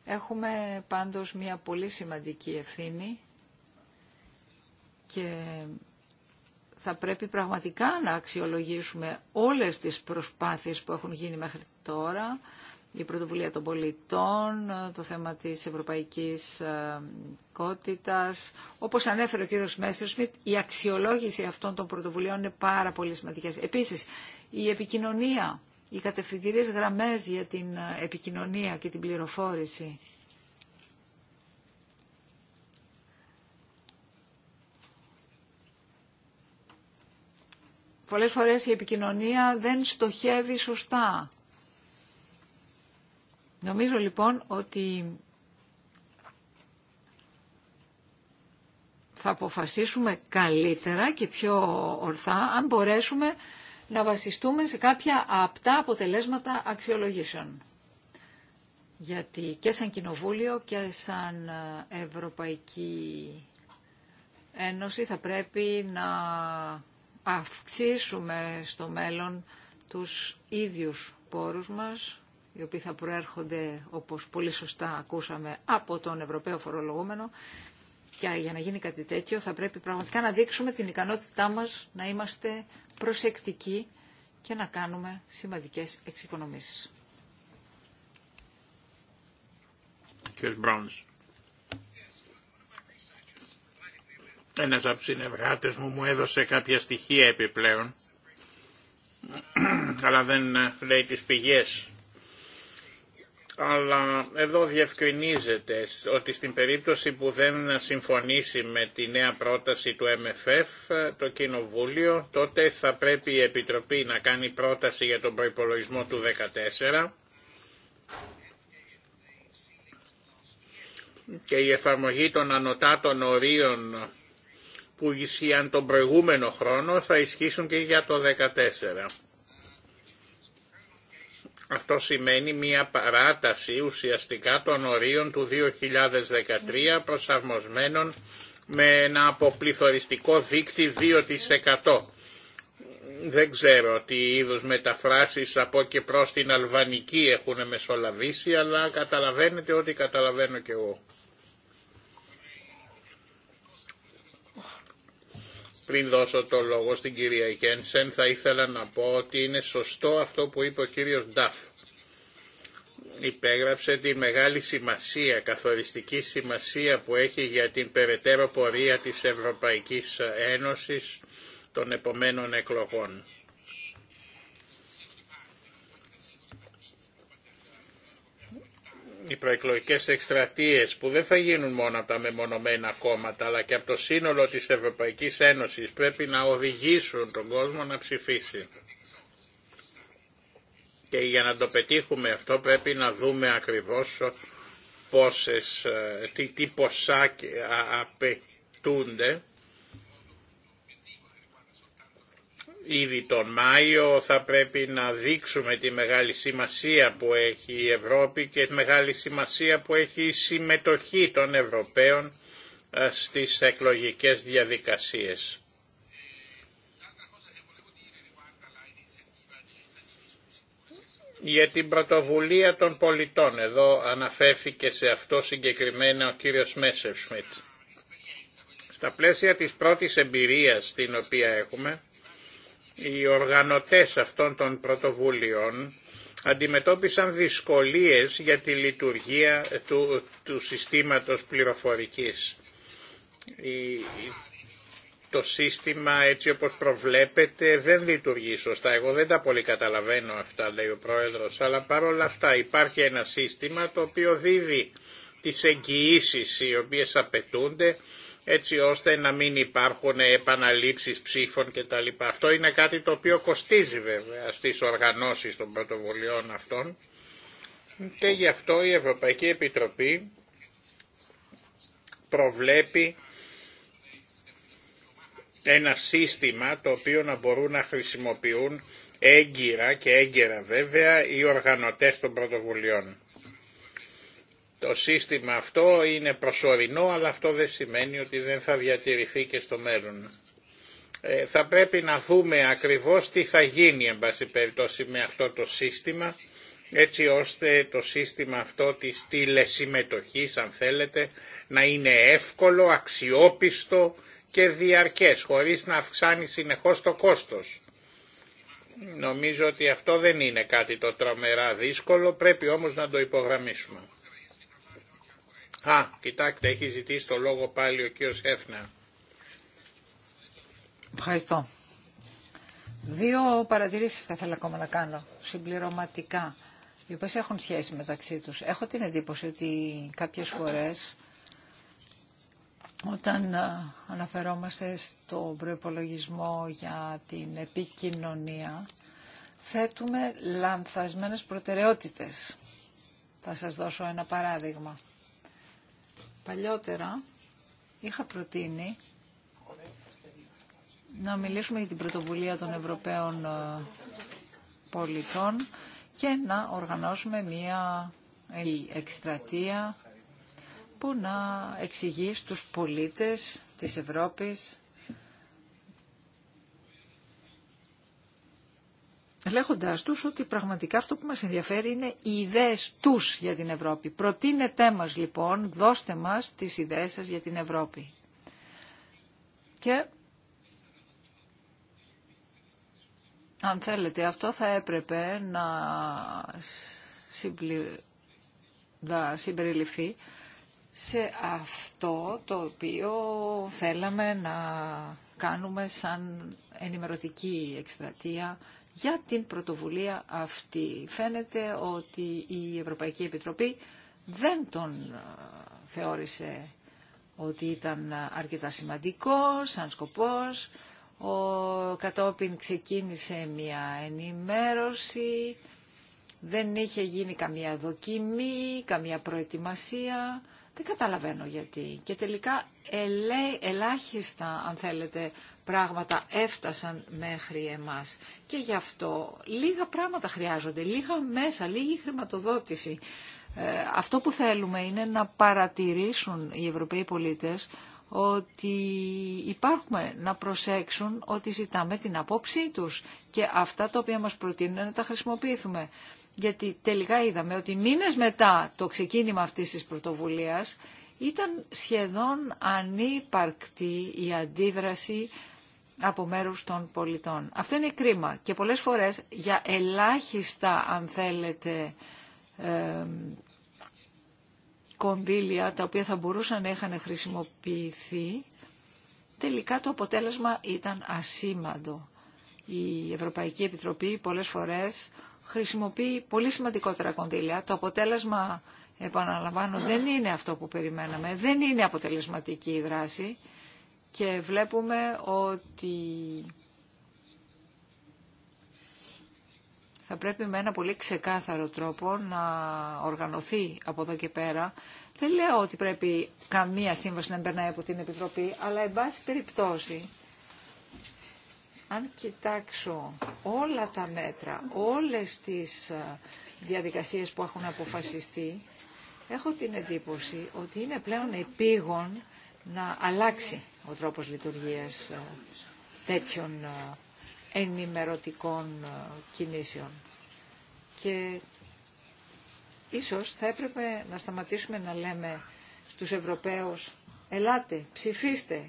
Έχουμε πάντως μια πολύ σημαντική ευθύνη και θα πρέπει πραγματικά να αξιολογήσουμε όλες τις προσπάθειες που έχουν γίνει μέχρι τώρα, η πρωτοβουλία των πολιτών, το θέμα της ευρωπαϊκής ε, κότητας. Όπως ανέφερε ο κύριος Μέστερσμιτ, η αξιολόγηση αυτών των πρωτοβουλίων είναι πάρα πολύ σημαντική. Επίσης, η επικοινωνία οι κατευθυντήριες γραμμές για την ε, επικοινωνία και την πληροφόρηση. Πολλές φορές η επικοινωνία δεν στοχεύει σωστά. Νομίζω λοιπόν ότι θα αποφασίσουμε καλύτερα και πιο ορθά αν μπορέσουμε να βασιστούμε σε κάποια απτά αποτελέσματα αξιολογήσεων. Γιατί και σαν Κοινοβούλιο και σαν ε, Ευρωπαϊκή Ένωση θα πρέπει να αυξήσουμε στο μέλλον τους ίδιους πόρους μας, οι οποίοι θα προέρχονται, όπως πολύ σωστά ακούσαμε, από τον Ευρωπαίο Φορολογούμενο. Και για να γίνει κάτι τέτοιο θα πρέπει πραγματικά να δείξουμε την ικανότητά μας να είμαστε προσεκτικοί και να κάνουμε σημαντικές εξοικονομήσεις. Ένας από τους συνεργάτες μου μου έδωσε κάποια στοιχεία επιπλέον, αλλά δεν ε, λέει τις πηγές αλλά εδώ διευκρινίζεται ότι στην περίπτωση που δεν συμφωνήσει με τη νέα πρόταση του MFF το Κοινοβούλιο, τότε θα πρέπει η Επιτροπή να κάνει πρόταση για τον προϋπολογισμό του 2014 και η εφαρμογή των ανωτάτων ορίων που ισχύαν τον προηγούμενο χρόνο θα ισχύσουν και για το 2014. Αυτό σημαίνει μια παράταση ουσιαστικά των ορίων του 2013 προσαρμοσμένων με ένα αποπληθωριστικό δίκτυ 2%. Δεν ξέρω τι είδους μεταφράσεις από και προς την Αλβανική έχουν μεσολαβήσει, αλλά καταλαβαίνετε ό,τι καταλαβαίνω και εγώ. Πριν δώσω το λόγο στην κυρία Γένσεν θα ήθελα να πω ότι είναι σωστό αυτό που είπε ο κύριος Νταφ. Υπέγραψε τη μεγάλη σημασία, καθοριστική σημασία που έχει για την περαιτέρω πορεία της Ευρωπαϊκής Ένωσης των επομένων εκλογών. οι προεκλογικές εκστρατείε που δεν θα γίνουν μόνο από τα μεμονωμένα κόμματα αλλά και από το σύνολο της Ευρωπαϊκής Ένωσης πρέπει να οδηγήσουν τον κόσμο να ψηφίσει. Και για να το πετύχουμε αυτό πρέπει να δούμε ακριβώς πόσες, ε, τι, τι ποσά απαιτούνται Ήδη τον Μάιο θα πρέπει να δείξουμε τη μεγάλη σημασία που έχει η Ευρώπη και τη μεγάλη σημασία που έχει η συμμετοχή των Ευρωπαίων ε, στις εκλογικές διαδικασίες. Για την πρωτοβουλία των πολιτών, εδώ αναφέρθηκε σε αυτό συγκεκριμένα ο κύριος Μέσερ Σμιτ. Στα πλαίσια της πρώτης εμπειρίας την οποία έχουμε, οι οργανωτές αυτών των πρωτοβουλειών αντιμετώπισαν δυσκολίες για τη λειτουργία του, του συστήματος πληροφορικής. Το σύστημα έτσι όπως προβλέπετε δεν λειτουργεί σωστά. Εγώ δεν τα πολύ καταλαβαίνω αυτά λέει ο Πρόεδρος, αλλά παρόλα αυτά υπάρχει ένα σύστημα το οποίο δίδει τις εγγυήσεις οι οποίες απαιτούνται έτσι ώστε να μην υπάρχουν επαναλήψεις ψήφων κτλ. Αυτό είναι κάτι το οποίο κοστίζει βέβαια στις οργανώσεις των πρωτοβουλειών αυτών και γι' αυτό η Ευρωπαϊκή Επιτροπή προβλέπει ένα σύστημα το οποίο να μπορούν να χρησιμοποιούν έγκυρα και έγκαιρα βέβαια οι οργανωτές των πρωτοβουλειών. Το σύστημα αυτό είναι προσωρινό, αλλά αυτό δεν σημαίνει ότι δεν θα διατηρηθεί και στο μέλλον. Ε, θα πρέπει να δούμε ακριβώς τι θα γίνει, εν πάση περιπτώσει, με αυτό το σύστημα, έτσι ώστε το σύστημα αυτό της τηλεσυμμετοχής, αν θέλετε, να είναι εύκολο, αξιόπιστο και διαρκές, χωρίς να αυξάνει συνεχώς το κόστος. Νομίζω ότι αυτό δεν είναι κάτι το τρομερά δύσκολο, πρέπει όμως να το υπογραμμίσουμε. Α, κοιτάξτε, έχει ζητήσει το λόγο πάλι ο κύριος Έφνα. Ευχαριστώ. Δύο παρατηρήσεις θα ήθελα ακόμα να κάνω, συμπληρωματικά, οι οποίες έχουν σχέση μεταξύ τους. Έχω την εντύπωση ότι κάποιες φορές, όταν αναφερόμαστε στο προϋπολογισμό για την επικοινωνία, θέτουμε λανθασμένες προτεραιότητες. Θα σας δώσω ένα παράδειγμα. Παλιότερα είχα προτείνει να μιλήσουμε για την πρωτοβουλία των Ευρωπαίων ε, πολιτών και να οργανώσουμε μία εκστρατεία που να εξηγεί στους πολίτες της Ευρώπης λέγοντάς τους ότι πραγματικά αυτό που μας ενδιαφέρει είναι οι ιδέες τους για την Ευρώπη. Προτείνετε μας λοιπόν, δώστε μας τις ιδέες σας για την Ευρώπη. Και αν θέλετε αυτό θα έπρεπε να συμπεριληφθεί σε αυτό το οποίο θέλαμε να κάνουμε σαν ενημερωτική εκστρατεία για την πρωτοβουλία αυτή. Φαίνεται ότι η Ευρωπαϊκή Επιτροπή δεν τον θεώρησε ότι ήταν αρκετά σημαντικό σαν σκοπός. Ο κατόπιν ξεκίνησε μια ενημέρωση, δεν είχε γίνει καμία δοκιμή, καμία προετοιμασία. Δεν καταλαβαίνω γιατί. Και τελικά ελέ, ελάχιστα, αν θέλετε, πράγματα έφτασαν μέχρι εμάς. Και γι' αυτό λίγα πράγματα χρειάζονται, λίγα μέσα, λίγη χρηματοδότηση. Ε, αυτό που θέλουμε είναι να παρατηρήσουν οι Ευρωπαίοι πολίτες ότι υπάρχουμε να προσέξουν ότι ζητάμε την απόψή τους και αυτά τα οποία μας προτείνουν να τα χρησιμοποιήσουμε γιατί τελικά είδαμε ότι μήνες μετά το ξεκίνημα αυτής της πρωτοβουλίας ήταν σχεδόν ανύπαρκτη η αντίδραση από μέρους των πολιτών. Αυτό είναι κρίμα και πολλές φορές για ελάχιστα, αν θέλετε, κονδύλια τα οποία θα μπορούσαν να είχαν χρησιμοποιηθεί, τελικά το αποτέλεσμα ήταν ασήμαντο. Η Ευρωπαϊκή Επιτροπή πολλές φορές χρησιμοποιεί πολύ σημαντικότερα κονδύλια. Το αποτέλεσμα, επαναλαμβάνω, δεν είναι αυτό που περιμέναμε. Δεν είναι αποτελεσματική η δράση και βλέπουμε ότι θα πρέπει με ένα πολύ ξεκάθαρο τρόπο να οργανωθεί από εδώ και πέρα. Δεν λέω ότι πρέπει καμία σύμβαση να περνάει από την Επιτροπή, αλλά εν πάση περιπτώσει αν κοιτάξω όλα τα μέτρα, όλες τις ε, διαδικασίες που έχουν αποφασιστεί, έχω την εντύπωση ότι είναι πλέον επίγον να αλλάξει ο τρόπος λειτουργίας ε, τέτοιων ε, ενημερωτικών κινήσεων. Και ίσως θα έπρεπε να σταματήσουμε να λέμε στους Ευρωπαίους «Ελάτε, ψηφίστε,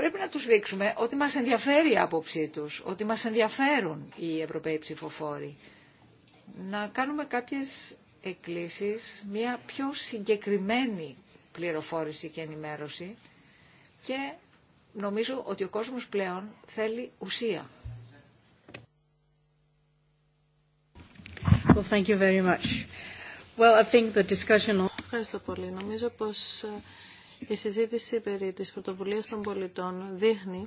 πρέπει να τους δείξουμε ότι μας ενδιαφέρει η άποψή τους, ότι μας ενδιαφέρουν οι Ευρωπαίοι ψηφοφόροι. Να κάνουμε κάποιες εκκλήσεις, μια πιο συγκεκριμένη πληροφόρηση και ενημέρωση και νομίζω ότι ο κόσμος πλέον θέλει ουσία. Well, thank you very much. Well, I think the Ευχαριστώ πολύ. Νομίζω πως ε, η συζήτηση περί της πρωτοβουλίας των πολιτών δείχνει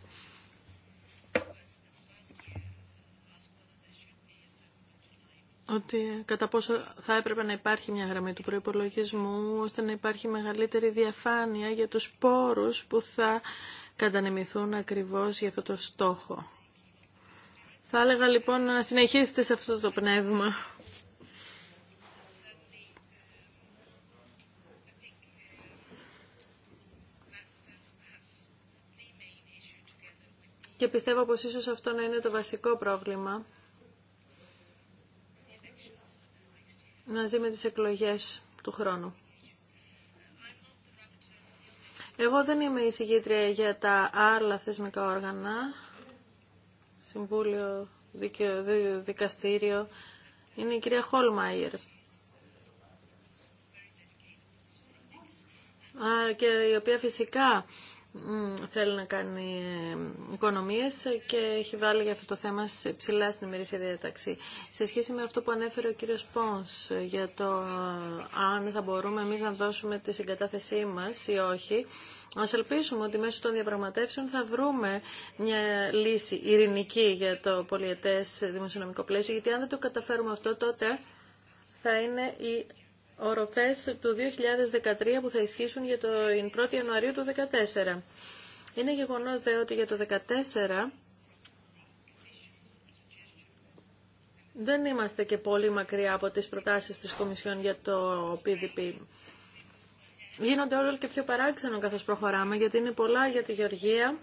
ότι κατά πόσο θα έπρεπε να υπάρχει μια γραμμή του προϋπολογισμού ώστε να υπάρχει μεγαλύτερη διαφάνεια για τους πόρους που θα κατανεμηθούν ακριβώς για αυτό το στόχο. Θα έλεγα λοιπόν να συνεχίσετε σε αυτό το πνεύμα. και πιστεύω πως ίσως αυτό να είναι το βασικό πρόβλημα μαζί με τις εκλογές του χρόνου. Εγώ δεν είμαι η συγκήτρια για τα άλλα θεσμικά όργανα, Συμβούλιο, δικαιο, Δικαστήριο. Είναι η κυρία Χόλμαϊρ. Και η οποία φυσικά θέλει να κάνει ε, οικονομίες και έχει βάλει για αυτό το θέμα ψηλά στην ημερήσια διαταξή. Σε σχέση με αυτό που ανέφερε ο κύριος Πόνς ε, για το ε, αν θα μπορούμε εμείς να δώσουμε τη συγκατάθεσή μας ή όχι, Ας ελπίσουμε ότι μέσω των διαπραγματεύσεων θα βρούμε μια λύση ειρηνική για το πολιετές δημοσιονομικό πλαίσιο, γιατί αν δεν το καταφέρουμε αυτό τότε θα είναι η οροφές του 2013 που θα ισχύσουν για το 1η Ιανουαρίου του 2014. Είναι γεγονός δε ότι για το 2014 δεν είμαστε και πολύ μακριά από τις προτάσεις της Κομισιόν για το PDP. Γίνονται όλο και πιο παράξενο καθώς προχωράμε, γιατί είναι πολλά για τη Γεωργία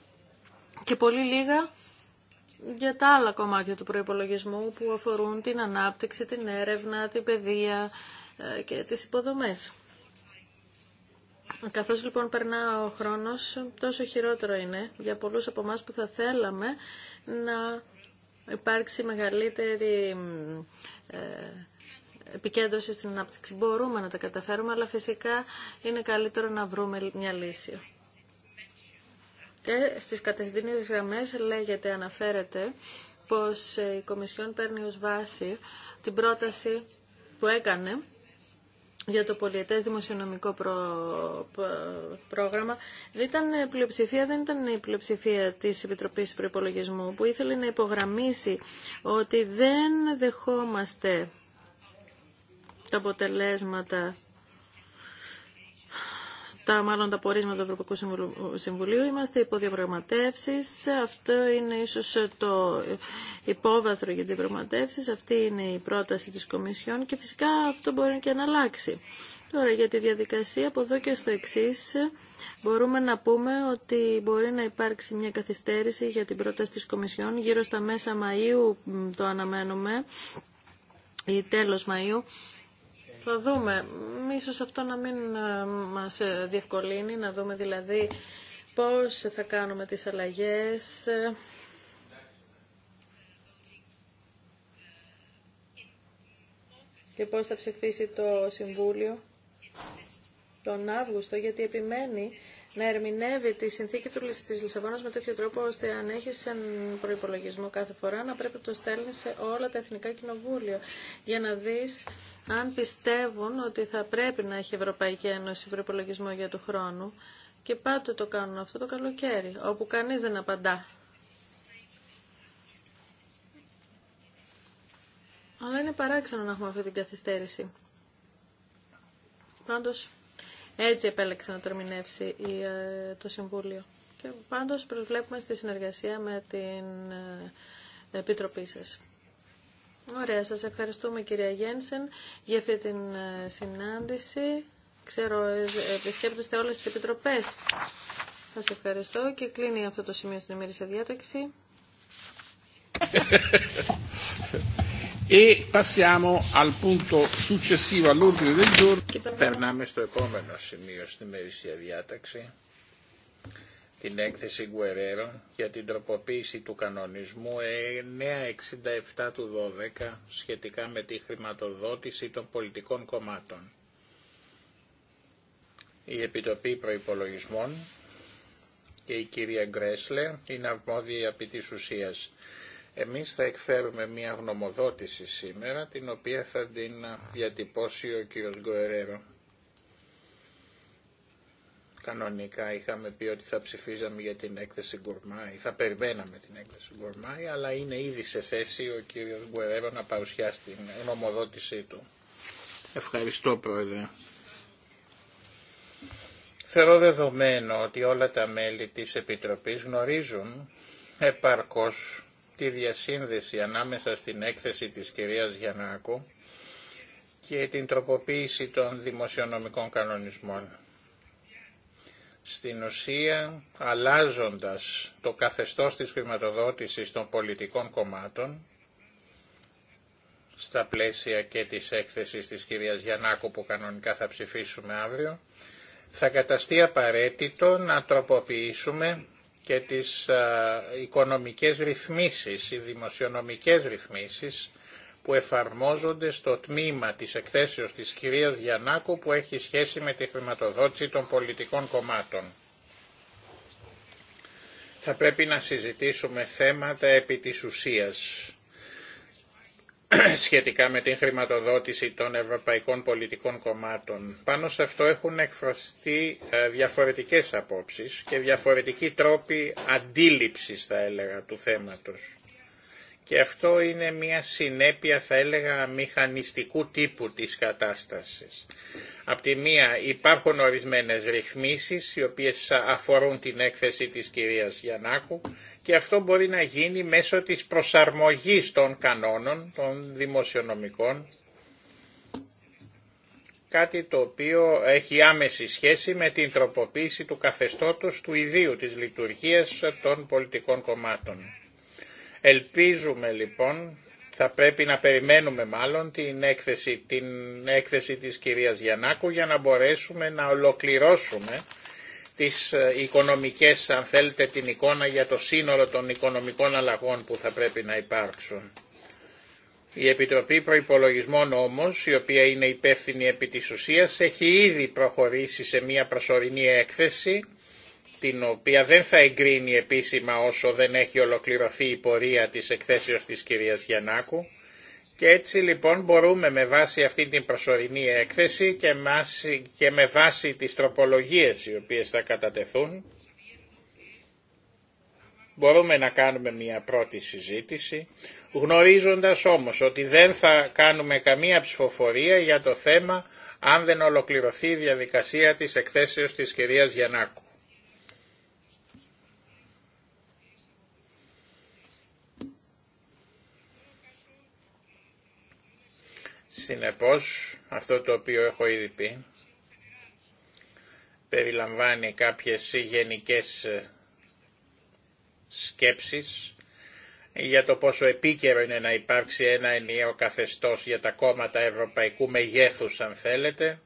και πολύ λίγα για τα άλλα κομμάτια του προϋπολογισμού που αφορούν την ανάπτυξη, την έρευνα, την παιδεία, ε, και τις υποδομές. Καθώς λοιπόν περνά ο χρόνος, τόσο χειρότερο είναι για πολλούς από εμά που θα θέλαμε να υπάρξει μεγαλύτερη ε, επικέντρωση στην ανάπτυξη. Μπορούμε να τα καταφέρουμε, αλλά φυσικά είναι καλύτερο να βρούμε μια λύση. Και στις κατευθυντικές γραμμές λέγεται, αναφέρεται, πως η Κομισιόν παίρνει ως βάση την πρόταση που έκανε για το πολιετές δημοσιονομικό πρόγραμμα δεν ήταν πλειοψηφία, δεν ήταν η πλειοψηφία της Επιτροπής Προϋπολογισμού που ήθελε να υπογραμμίσει ότι δεν δεχόμαστε τα αποτελέσματα τα μάλλον τα πορίσματα του Ευρωπαϊκού Συμβουλίου. Είμαστε υπό διαπραγματεύσει. Αυτό είναι ίσως το υπόβαθρο για τι διαπραγματεύσει. Αυτή είναι η πρόταση της Κομισιόν και φυσικά αυτό μπορεί και να αλλάξει. Τώρα για τη διαδικασία από εδώ και στο εξή μπορούμε να πούμε ότι μπορεί να υπάρξει μια καθυστέρηση για την πρόταση της Κομισιόν γύρω στα μέσα Μαΐου το αναμένουμε ή τέλος Μαΐου θα δούμε. Ίσως αυτό να μην ε, μας ε, διευκολύνει, να δούμε δηλαδή πώς θα κάνουμε τις αλλαγές. και πώς θα ψηφίσει το Συμβούλιο τον Αύγουστο, γιατί επιμένει να ερμηνεύει τη συνθήκη του, της Λισαβόνας με τέτοιο τρόπο ώστε αν έχει έναν προϋπολογισμό κάθε φορά να πρέπει να το στέλνει σε όλα τα εθνικά κοινοβούλια για να δεις αν πιστεύουν ότι θα πρέπει να έχει Ευρωπαϊκή Ένωση προϋπολογισμό για του χρόνου και πάντοτε το κάνουν αυτό το καλοκαίρι όπου κανείς δεν απαντά. Αλλά είναι παράξενο να έχουμε αυτή την καθυστέρηση. Πάντως, έτσι επέλεξε να τρομινεύσει ε, το Συμβούλιο. Και πάντως προσβλέπουμε στη συνεργασία με την ε, Επιτροπή σας. Ωραία, σας ευχαριστούμε κυρία Γένσεν για αυτή την ε, συνάντηση. Ξέρω, επισκέπτεστε όλες τις επιτροπές. Σας ευχαριστώ και κλείνει αυτό το σημείο στην ημερήσια διάταξη. E Περνάμε στο επόμενο σημείο στη μερισσία διάταξη, την έκθεση Γκουερέρο για την τροποποίηση του κανονισμού 967 του 12 σχετικά με τη χρηματοδότηση των πολιτικών κομμάτων. Η Επιτροπή Προϋπολογισμών και η κυρία Γκρέσλε είναι αρμόδια επί της ουσίας. Εμείς θα εκφέρουμε μία γνωμοδότηση σήμερα, την οποία θα την διατυπώσει ο κύριος Γκοερέρο. Κανονικά είχαμε πει ότι θα ψηφίζαμε για την έκθεση Γκορμάη, θα περιμέναμε την έκθεση Γκορμάη, αλλά είναι ήδη σε θέση ο κύριος Γκουερέρο να παρουσιάσει την γνωμοδότησή του. Ευχαριστώ πρόεδρε. Θεωρώ δεδομένο ότι όλα τα μέλη της Επιτροπής γνωρίζουν επαρκώς τη διασύνδεση ανάμεσα στην έκθεση της κυρίας Γιαννάκου και την τροποποίηση των δημοσιονομικών κανονισμών. Στην ουσία, αλλάζοντας το καθεστώς της χρηματοδότησης των πολιτικών κομμάτων, στα πλαίσια και της έκθεσης της κυρίας Γιαννάκου που κανονικά θα ψηφίσουμε αύριο, θα καταστεί απαραίτητο να τροποποιήσουμε και τις ε, οικονομικές ρυθμίσεις, οι δημοσιονομικές ρυθμίσεις που εφαρμόζονται στο τμήμα της εκθέσεως της κυρίας Γιαννάκου που έχει σχέση με τη χρηματοδότηση των πολιτικών κομμάτων. Θα πρέπει να συζητήσουμε θέματα επί της ουσίας. σχετικά με την χρηματοδότηση των ευρωπαϊκών πολιτικών κομμάτων. Πάνω σε αυτό έχουν εκφραστεί ε, διαφορετικές απόψεις και διαφορετικοί τρόποι αντίληψης, θα έλεγα, του θέματος. Και αυτό είναι μια συνέπεια θα έλεγα μηχανιστικού τύπου της κατάστασης. Απ' τη μία υπάρχουν ορισμένες ρυθμίσεις οι οποίες αφορούν την έκθεση της κυρίας Γιαννάκου και αυτό μπορεί να γίνει μέσω της προσαρμογής των κανόνων, των δημοσιονομικών, κάτι το οποίο έχει άμεση σχέση με την τροποποίηση του καθεστώτος του ιδίου της λειτουργίας των πολιτικών κομμάτων. Ελπίζουμε λοιπόν, θα πρέπει να περιμένουμε μάλλον την έκθεση, την έκθεση της κυρίας Γιαννάκου για να μπορέσουμε να ολοκληρώσουμε τις ε, οικονομικές, αν θέλετε, την εικόνα για το σύνολο των οικονομικών αλλαγών που θα πρέπει να υπάρξουν. Η Επιτροπή Προϋπολογισμών όμως, η οποία είναι υπεύθυνη επί της ουσίας, έχει ήδη προχωρήσει σε μια προσωρινή έκθεση την οποία δεν θα εγκρίνει επίσημα όσο δεν έχει ολοκληρωθεί η πορεία της εκθέσεως της κυρίας Γιαννάκου. Και έτσι λοιπόν μπορούμε με βάση αυτή την προσωρινή έκθεση και με βάση τις τροπολογίες οι οποίες θα κατατεθούν, μπορούμε να κάνουμε μια πρώτη συζήτηση, γνωρίζοντας όμως ότι δεν θα κάνουμε καμία ψηφοφορία για το θέμα αν δεν ολοκληρωθεί η διαδικασία της εκθέσεως της κυρίας Γιαννάκου. Συνεπώς, αυτό το οποίο έχω ήδη πει, περιλαμβάνει κάποιες γενικές ε, σκέψεις για το πόσο επίκαιρο είναι να υπάρξει ένα ενιαίο καθεστώς για τα κόμματα ευρωπαϊκού μεγέθους αν θέλετε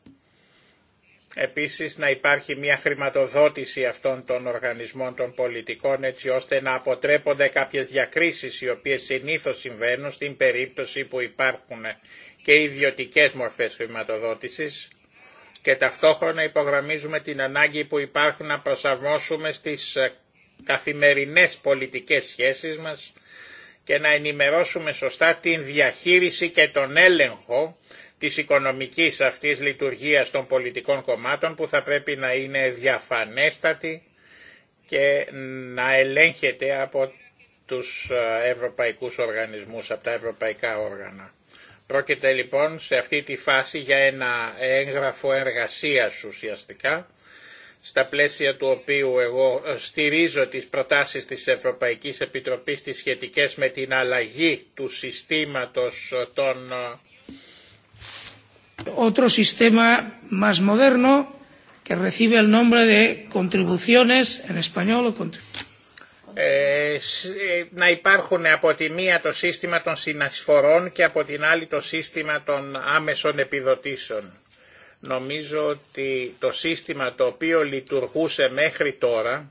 Επίσης να υπάρχει μια χρηματοδότηση αυτών των οργανισμών των πολιτικών έτσι ώστε να αποτρέπονται κάποιες διακρίσεις οι οποίες συνήθως συμβαίνουν στην περίπτωση που υπάρχουν και ιδιωτικές μορφές χρηματοδότησης και ταυτόχρονα υπογραμμίζουμε την ανάγκη που υπάρχει να προσαρμόσουμε στις ε, καθημερινές πολιτικές σχέσεις μας και να ενημερώσουμε σωστά την διαχείριση και τον έλεγχο της οικονομικής αυτής λειτουργία των πολιτικών κομμάτων που θα πρέπει να είναι διαφανέστατη και να ελέγχεται από τους ε, ευρωπαϊκούς οργανισμούς, από τα ευρωπαϊκά όργανα. Πρόκειται λοιπόν σε αυτή τη φάση για ένα έγγραφο εργασίας ουσιαστικά, στα πλαίσια του οποίου εγώ ε, στηρίζω τις προτάσεις της Ευρωπαϊκής Επιτροπής τις σχετικές με την αλλαγή του συστήματος ε, των otro sistema más moderno que recibe el nombre de contribuciones να υπάρχουν από τη μία το σύστημα των συνασφορών και από την άλλη το σύστημα των άμεσων επιδοτήσεων. Νομίζω ότι το σύστημα το οποίο λειτουργούσε μέχρι τώρα,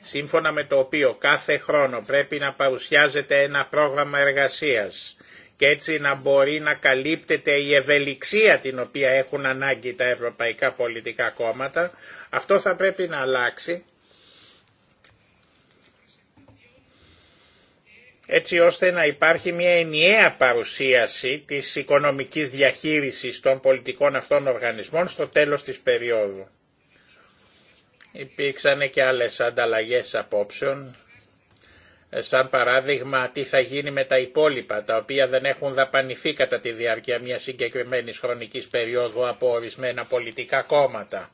σύμφωνα με το οποίο κάθε χρόνο πρέπει να παρουσιάζεται ένα πρόγραμμα εργασίας και έτσι να μπορεί να καλύπτεται η ευελιξία την οποία έχουν ανάγκη τα ευρωπαϊκά πολιτικά κόμματα. Αυτό θα πρέπει να αλλάξει έτσι ώστε να υπάρχει μια ενιαία παρουσίαση της οικονομικής διαχείρισης των πολιτικών αυτών οργανισμών στο τέλος της περίοδου. Υπήρξαν και άλλες ανταλλαγές απόψεων ε, σαν παράδειγμα τι θα γίνει με τα υπόλοιπα τα οποία δεν έχουν δαπανηθεί κατά τη διάρκεια μιας συγκεκριμένης χρονικής περίοδου από ορισμένα πολιτικά κόμματα.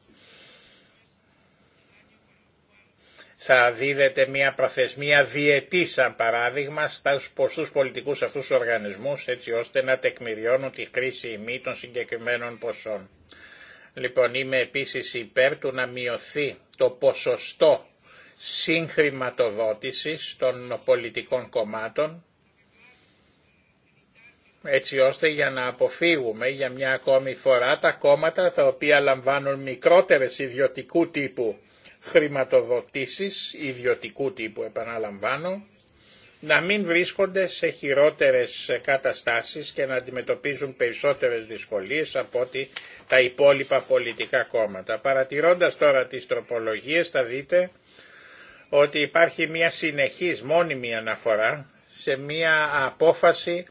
Θα δίδεται μια προθεσμία διετή σαν παράδειγμα στους πολιτικούς αυτούς τους οργανισμούς έτσι ώστε να τεκμηριώνουν τη χρήση ημί των συγκεκριμένων ποσών. Λοιπόν είμαι επίσης υπέρ του να μειωθεί το ποσοστό συγχρηματοδότησης των πολιτικών κομμάτων, έτσι ώστε για να αποφύγουμε για μια ακόμη φορά τα κόμματα τα οποία λαμβάνουν μικρότερες ιδιωτικού τύπου χρηματοδοτήσεις, ιδιωτικού τύπου επαναλαμβάνω, να μην βρίσκονται σε χειρότερες καταστάσεις και να αντιμετωπίζουν περισσότερες δυσκολίες από ότι τα υπόλοιπα πολιτικά κόμματα. Παρατηρώντας τώρα τις τροπολογίες θα δείτε ότι υπάρχει μια συνεχής μόνιμη αναφορά σε μια απόφαση,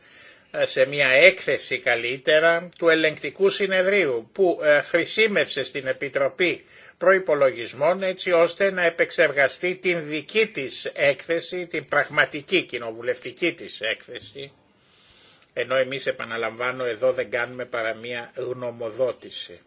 ε, σε μια έκθεση καλύτερα του ελεγκτικού συνεδρίου που ε, χρησιμεύσε στην Επιτροπή προϋπολογισμών έτσι ώστε να επεξεργαστεί την δική της έκθεση, την πραγματική κοινοβουλευτική της έκθεση, ενώ εμείς επαναλαμβάνω εδώ δεν κάνουμε παρά μία γνωμοδότηση.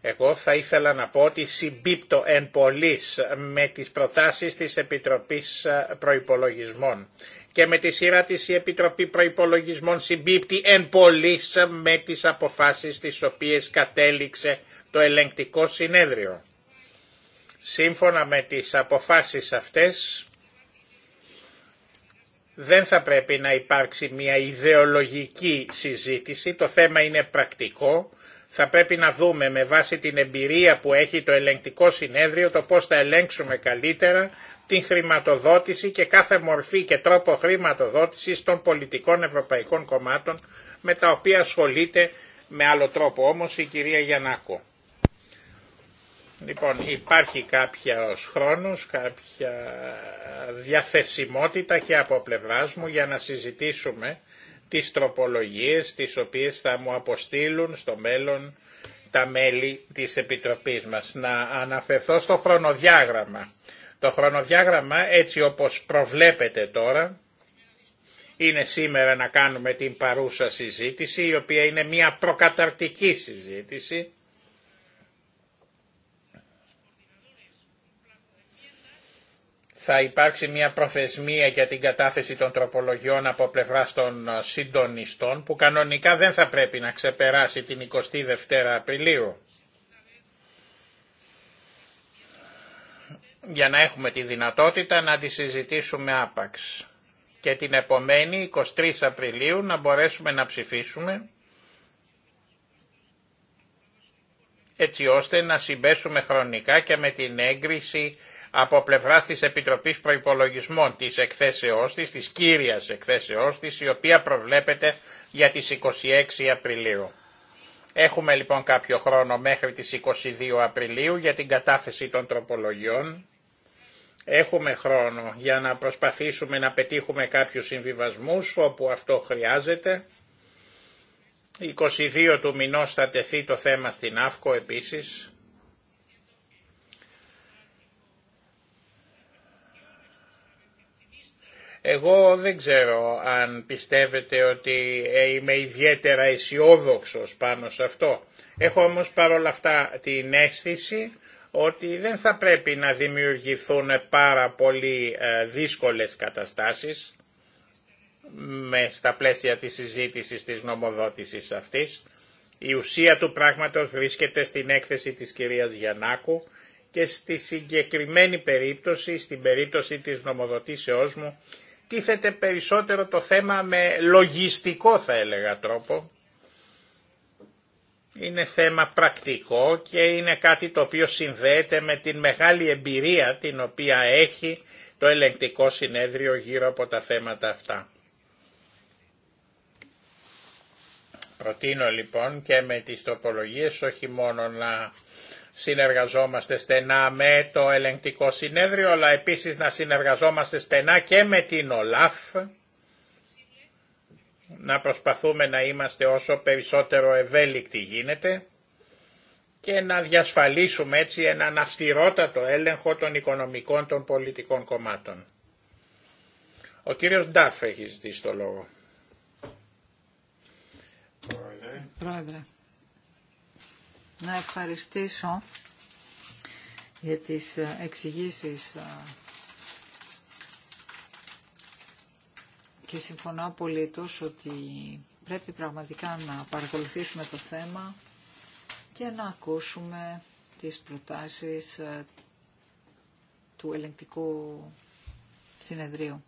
Εγώ θα ήθελα να πω ότι συμπίπτω εν πολλής με τις προτάσεις της Επιτροπής ε, Προϋπολογισμών και με τη σειρά της η Επιτροπή Προϋπολογισμών συμπίπτει εν πολλής ε, με τις αποφάσεις τις οποίες κατέληξε το ελεγκτικό συνέδριο. Σύμφωνα με τις αποφάσεις αυτές δεν θα πρέπει να υπάρξει μια ιδεολογική συζήτηση, το θέμα είναι πρακτικό θα πρέπει να δούμε με βάση την εμπειρία που έχει το ελεγκτικό συνέδριο το πώς θα ελέγξουμε καλύτερα την χρηματοδότηση και κάθε μορφή και τρόπο χρηματοδότησης των πολιτικών ευρωπαϊκών κομμάτων με τα οποία ασχολείται με άλλο τρόπο όμως η κυρία Γιαννάκο. Λοιπόν, υπάρχει κάποιος χρόνος, κάποια διαθεσιμότητα και από πλευράς μου για να συζητήσουμε τις τροπολογίες τις οποίες θα μου αποστείλουν στο μέλλον τα μέλη της Επιτροπής μας. Να αναφερθώ στο χρονοδιάγραμμα. Το χρονοδιάγραμμα έτσι όπως προβλέπετε τώρα είναι σήμερα να κάνουμε την παρούσα συζήτηση η οποία είναι μια προκαταρκτική συζήτηση θα υπάρξει μια προθεσμία για την κατάθεση των τροπολογιών από πλευρά των ε, συντονιστών που κανονικά δεν θα πρέπει να ξεπεράσει την 22η Απριλίου. για να έχουμε τη δυνατότητα να τη συζητήσουμε άπαξ και την επομένη 23 Απριλίου να μπορέσουμε να ψηφίσουμε έτσι ώστε να συμπέσουμε χρονικά και με την έγκριση από πλευράς της Επιτροπής Προϋπολογισμών της εκθέσεώς της, της κύριας εκθέσεώς της, η οποία προβλέπεται για τις 26 Απριλίου. Έχουμε λοιπόν κάποιο χρόνο μέχρι τις 22 Απριλίου για την κατάθεση των τροπολογιών. Έχουμε χρόνο για να προσπαθήσουμε να πετύχουμε κάποιους συμβιβασμούς όπου αυτό χρειάζεται. 22 του μηνός θα τεθεί το θέμα στην ΑΦΚΟ επίσης Εγώ δεν ξέρω αν πιστεύετε ότι ε, είμαι ιδιαίτερα αισιόδοξο πάνω σε αυτό. Έχω όμως παρόλα αυτά την αίσθηση ότι δεν θα πρέπει να δημιουργηθούν πάρα πολύ ε, δύσκολες καταστάσεις με στα πλαίσια της συζήτησης της νομοδότησης αυτής. Η ουσία του πράγματος βρίσκεται στην έκθεση της κυρίας Γιαννάκου και στη συγκεκριμένη περίπτωση, στην περίπτωση της νομοδοτήσεώς μου, τίθεται περισσότερο το θέμα με λογιστικό θα έλεγα τρόπο. Είναι θέμα πρακτικό και είναι κάτι το οποίο συνδέεται με την μεγάλη εμπειρία την οποία έχει το ελεγκτικό συνέδριο γύρω από τα θέματα αυτά. Προτείνω λοιπόν και με τις τοπολογίες όχι μόνο να συνεργαζόμαστε στενά με το ελεγκτικό συνέδριο, αλλά επίσης να συνεργαζόμαστε στενά και με την ΟΛΑΦ, να προσπαθούμε να είμαστε όσο περισσότερο ευέλικτοι γίνεται και να διασφαλίσουμε έτσι έναν αυστηρότατο έλεγχο των οικονομικών των πολιτικών κομμάτων. Ο κύριος Ντάφ έχει ζητήσει το λόγο. Πρόεδρε να ευχαριστήσω για τις ε, εξηγήσει ε, και συμφωνώ τόσο ότι πρέπει πραγματικά να παρακολουθήσουμε το θέμα και να ακούσουμε τις προτάσεις ε, του ελεγκτικού συνεδρίου.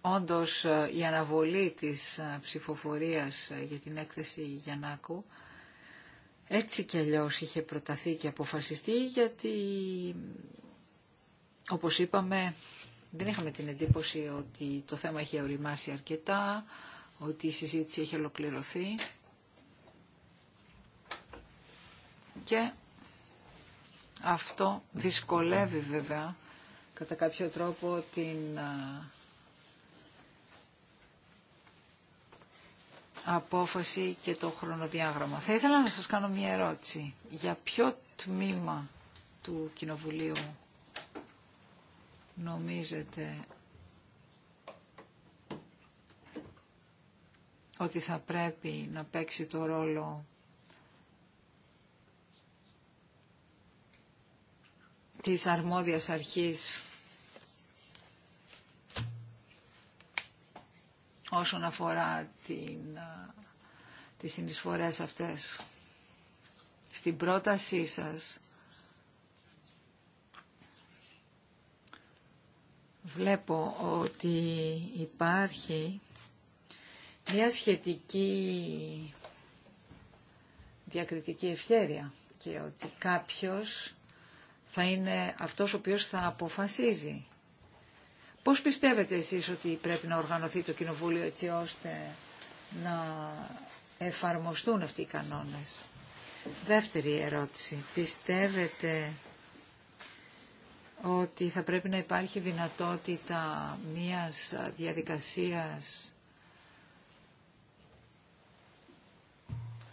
Όντως ε, η αναβολή της ε, ψηφοφορίας ε, για την έκθεση Γιαννάκου έτσι κι αλλιώς είχε προταθεί και αποφασιστεί γιατί όπως είπαμε δεν είχαμε την εντύπωση ότι το θέμα είχε οριμάσει αρκετά, ότι η συζήτηση είχε ολοκληρωθεί και αυτό δυσκολεύει βέβαια κατά κάποιο τρόπο την απόφαση και το χρονοδιάγραμμα. Θα ήθελα να σας κάνω μια ερώτηση. Για ποιο τμήμα του Κοινοβουλίου νομίζετε ότι θα πρέπει να παίξει το ρόλο της αρμόδιας αρχής όσον αφορά την, τις συνεισφορές αυτές. Στην πρότασή σας βλέπω ότι υπάρχει μια σχετική διακριτική ευχέρεια και ότι κάποιος θα είναι αυτός ο οποίος θα αποφασίζει Πώς πιστεύετε εσείς ότι πρέπει να οργανωθεί το Κοινοβούλιο έτσι ώστε να εφαρμοστούν αυτοί οι κανόνες. Δεύτερη ερώτηση. Πιστεύετε ότι θα πρέπει να υπάρχει δυνατότητα μίας διαδικασίας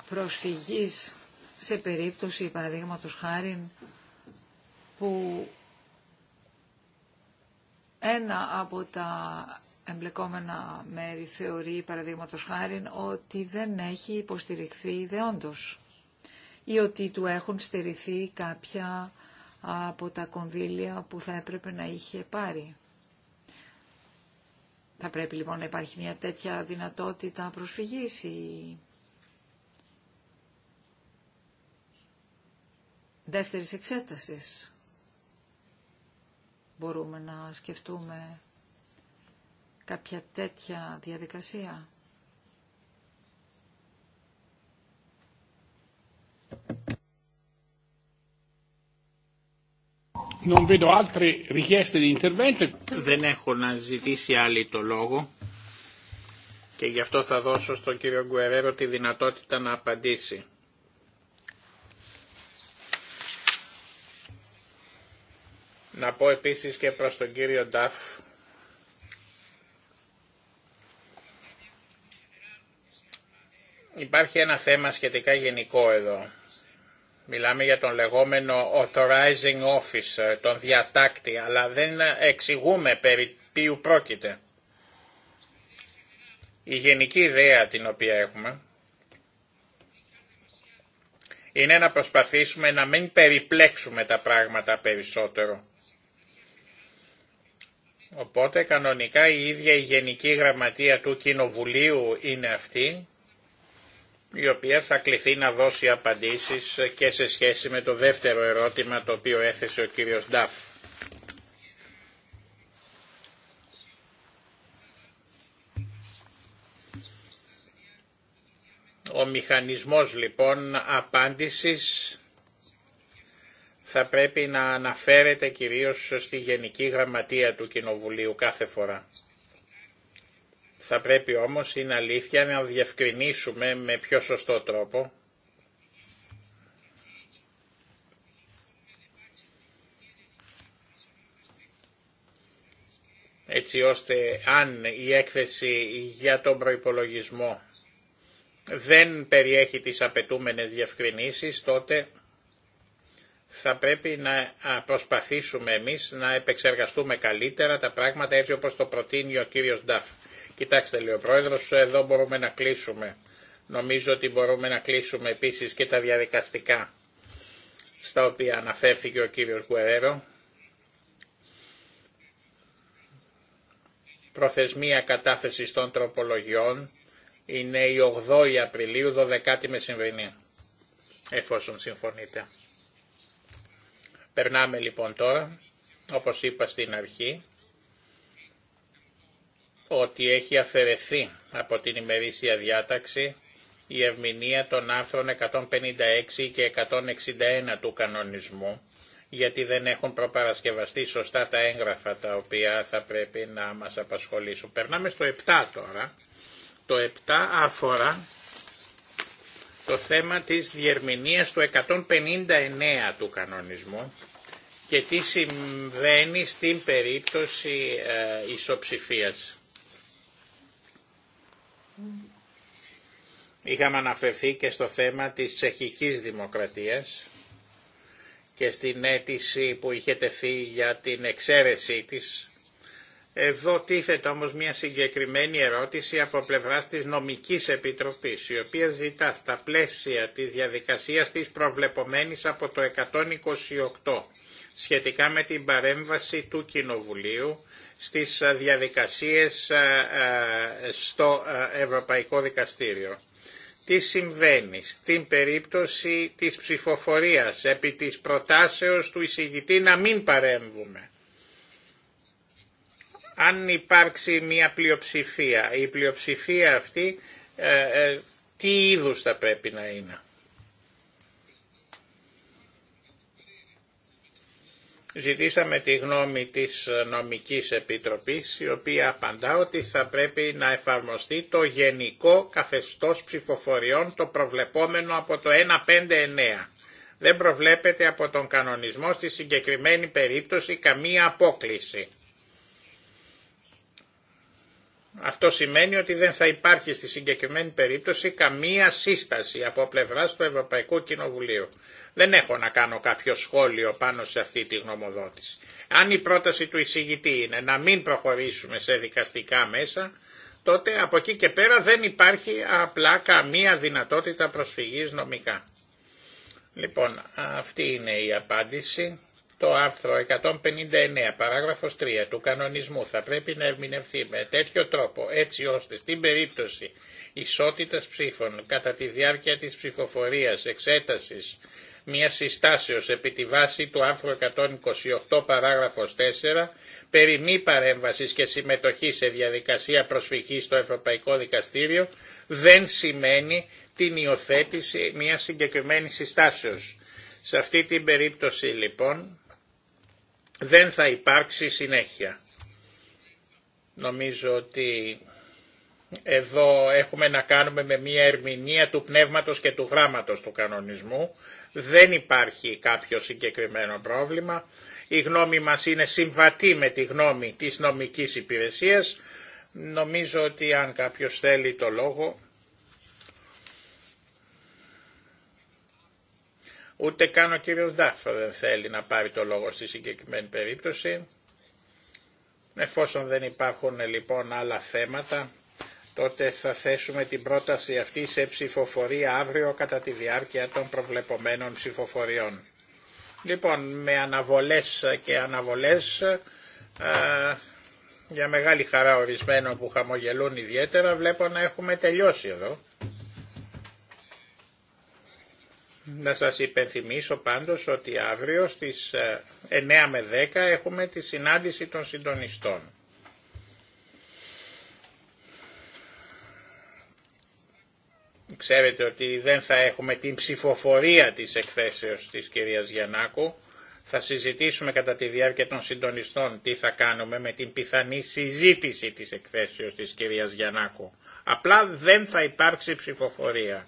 προσφυγής σε περίπτωση, παραδείγματος χάρη, που ένα από τα εμπλεκόμενα μέρη θεωρεί, παραδείγματος χάρη, ότι δεν έχει υποστηριχθεί ιδεόντως ή ότι του έχουν στηριχθεί κάποια από τα κονδύλια που θα έπρεπε να είχε πάρει. Θα πρέπει λοιπόν να υπάρχει μια τέτοια δυνατότητα προσφυγής ή δεύτερης εξέτασης. Μπορούμε να σκεφτούμε κάποια τέτοια διαδικασία. Δεν έχω να ζητήσει άλλη το λόγο και γι' αυτό θα δώσω στον κύριο Γκουερέρο τη δυνατότητα να απαντήσει. Να πω επίσης και προς τον κύριο Νταφ Υπάρχει ένα θέμα σχετικά γενικό εδώ. Μιλάμε για τον λεγόμενο authorizing officer, τον διατάκτη, αλλά δεν εξηγούμε περί ποιου πρόκειται. Η γενική ιδέα την οποία έχουμε είναι να προσπαθήσουμε να μην περιπλέξουμε τα πράγματα περισσότερο. Οπότε κανονικά η ίδια η Γενική Γραμματεία του Κοινοβουλίου είναι αυτή, η οποία θα κληθεί να δώσει απαντήσεις και σε σχέση με το δεύτερο ερώτημα το οποίο έθεσε ο κύριος Νταφ. Ο μηχανισμός λοιπόν απάντησης θα πρέπει να αναφέρεται κυρίως στη Γενική Γραμματεία του Κοινοβουλίου κάθε φορά. Θα πρέπει όμως, είναι αλήθεια, να διευκρινίσουμε με πιο σωστό τρόπο έτσι ώστε αν η έκθεση για τον προϋπολογισμό δεν περιέχει τις απαιτούμενες διευκρινήσεις, τότε θα πρέπει να προσπαθήσουμε εμείς να επεξεργαστούμε καλύτερα τα πράγματα έτσι όπως το προτείνει ο κύριος Νταφ. Κοιτάξτε λέει ο Πρόεδρος, εδώ μπορούμε να κλείσουμε. Νομίζω ότι μπορούμε να κλείσουμε επίσης και τα διαδικαστικά στα οποία αναφέρθηκε ο κύριος Γκουερέρο. Προθεσμία κατάθεσης των τροπολογιών είναι η 8η Απριλίου 12η Μεσημβρινή, εφόσον συμφωνείτε. Περνάμε λοιπόν τώρα, όπως είπα στην αρχή, ότι έχει αφαιρεθεί από την ημερήσια διάταξη η ευμηνία των άρθρων 156 και 161 του κανονισμού, γιατί δεν έχουν προπαρασκευαστεί σωστά τα έγγραφα τα οποία θα πρέπει να μας απασχολήσουν. Περνάμε στο 7 τώρα. Το 7 αφορά το θέμα της διερμηνίας του 159 του κανονισμού και τι συμβαίνει στην περίπτωση ε, ισοψηφίας. Είχαμε αναφερθεί και στο θέμα της τσεχικής δημοκρατίας και στην αίτηση που είχε τεθεί για την εξαίρεσή της εδώ τίθεται όμως μια συγκεκριμένη ερώτηση από πλευράς της νομικής επιτροπής, η οποία ζητά στα πλαίσια της διαδικασίας της προβλεπομένης από το 128 σχετικά με την παρέμβαση του Κοινοβουλίου στις ε, διαδικασίες ε, ε, στο Ευρωπαϊκό Δικαστήριο. Τι συμβαίνει στην περίπτωση της ψηφοφορίας επί της προτάσεως του εισηγητή να μην παρέμβουμε αν υπάρξει μια πλειοψηφία. Η πλειοψηφία αυτή ε, ε, τι είδους θα πρέπει να είναι. Ζητήσαμε τη γνώμη της νομικής επιτροπής η οποία απαντά ότι θα πρέπει να εφαρμοστεί το γενικό καθεστώς ψηφοφοριών το προβλεπόμενο από το 159. Δεν προβλέπεται από τον κανονισμό στη συγκεκριμένη περίπτωση καμία απόκληση. Αυτό σημαίνει ότι δεν θα υπάρχει στη συγκεκριμένη περίπτωση καμία σύσταση από πλευρά του Ευρωπαϊκού Κοινοβουλίου. Δεν έχω να κάνω κάποιο σχόλιο πάνω σε αυτή τη γνωμοδότηση. Αν η πρόταση του εισηγητή είναι να μην προχωρήσουμε σε δικαστικά μέσα, τότε από εκεί και πέρα δεν υπάρχει απλά καμία δυνατότητα προσφυγής νομικά. Λοιπόν, αυτή είναι η απάντηση το άρθρο 159 παράγραφος 3 του κανονισμού θα πρέπει να ερμηνευθεί με τέτοιο τρόπο έτσι ώστε στην περίπτωση ισότητας ψήφων κατά τη διάρκεια της ψηφοφορίας εξέτασης μια συστάσεως επί τη βάση του άρθρου 128 παράγραφος 4 περί μη παρέμβασης και συμμετοχή σε διαδικασία προσφυγής στο Ευρωπαϊκό Δικαστήριο δεν σημαίνει την υιοθέτηση μιας συγκεκριμένης συστάσεως. Σε αυτή την περίπτωση λοιπόν δεν θα υπάρξει συνέχεια. Νομίζω ότι εδώ έχουμε να κάνουμε με μια ερμηνεία του πνεύματος και του γράμματος του κανονισμού. Δεν υπάρχει κάποιο συγκεκριμένο πρόβλημα. Η γνώμη μας είναι συμβατή με τη γνώμη της νομικής υπηρεσίας. Νομίζω ότι αν κάποιος θέλει το λόγο Ούτε καν ο κύριος δεν θέλει να πάρει το λόγο στη συγκεκριμένη περίπτωση. Εφόσον δεν υπάρχουν λοιπόν άλλα θέματα, τότε θα θέσουμε την πρόταση αυτή σε ψηφοφορία αύριο κατά τη διάρκεια των προβλεπομένων ψηφοφοριών. Λοιπόν, με αναβολές και αναβολές, για μεγάλη χαρά ορισμένων που χαμογελούν ιδιαίτερα, βλέπω να έχουμε τελειώσει εδώ. Να σας υπενθυμίσω πάντως ότι αύριο στις 9 ε, με 10 έχουμε τη συνάντηση των συντονιστών. Ξέρετε ότι δεν θα έχουμε την ψηφοφορία της εκθέσεως της κυρίας Γιαννάκου. Θα συζητήσουμε κατά τη διάρκεια των συντονιστών τι θα κάνουμε με την πιθανή συζήτηση της εκθέσεως της κυρίας Γιαννάκου. Απλά δεν θα υπάρξει ψηφοφορία.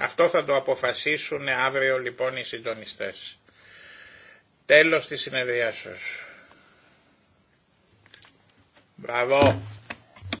Αυτό θα το αποφασίσουν αύριο λοιπόν οι συντονιστές. Τέλος της συνεδριάσεως. Μπράβο.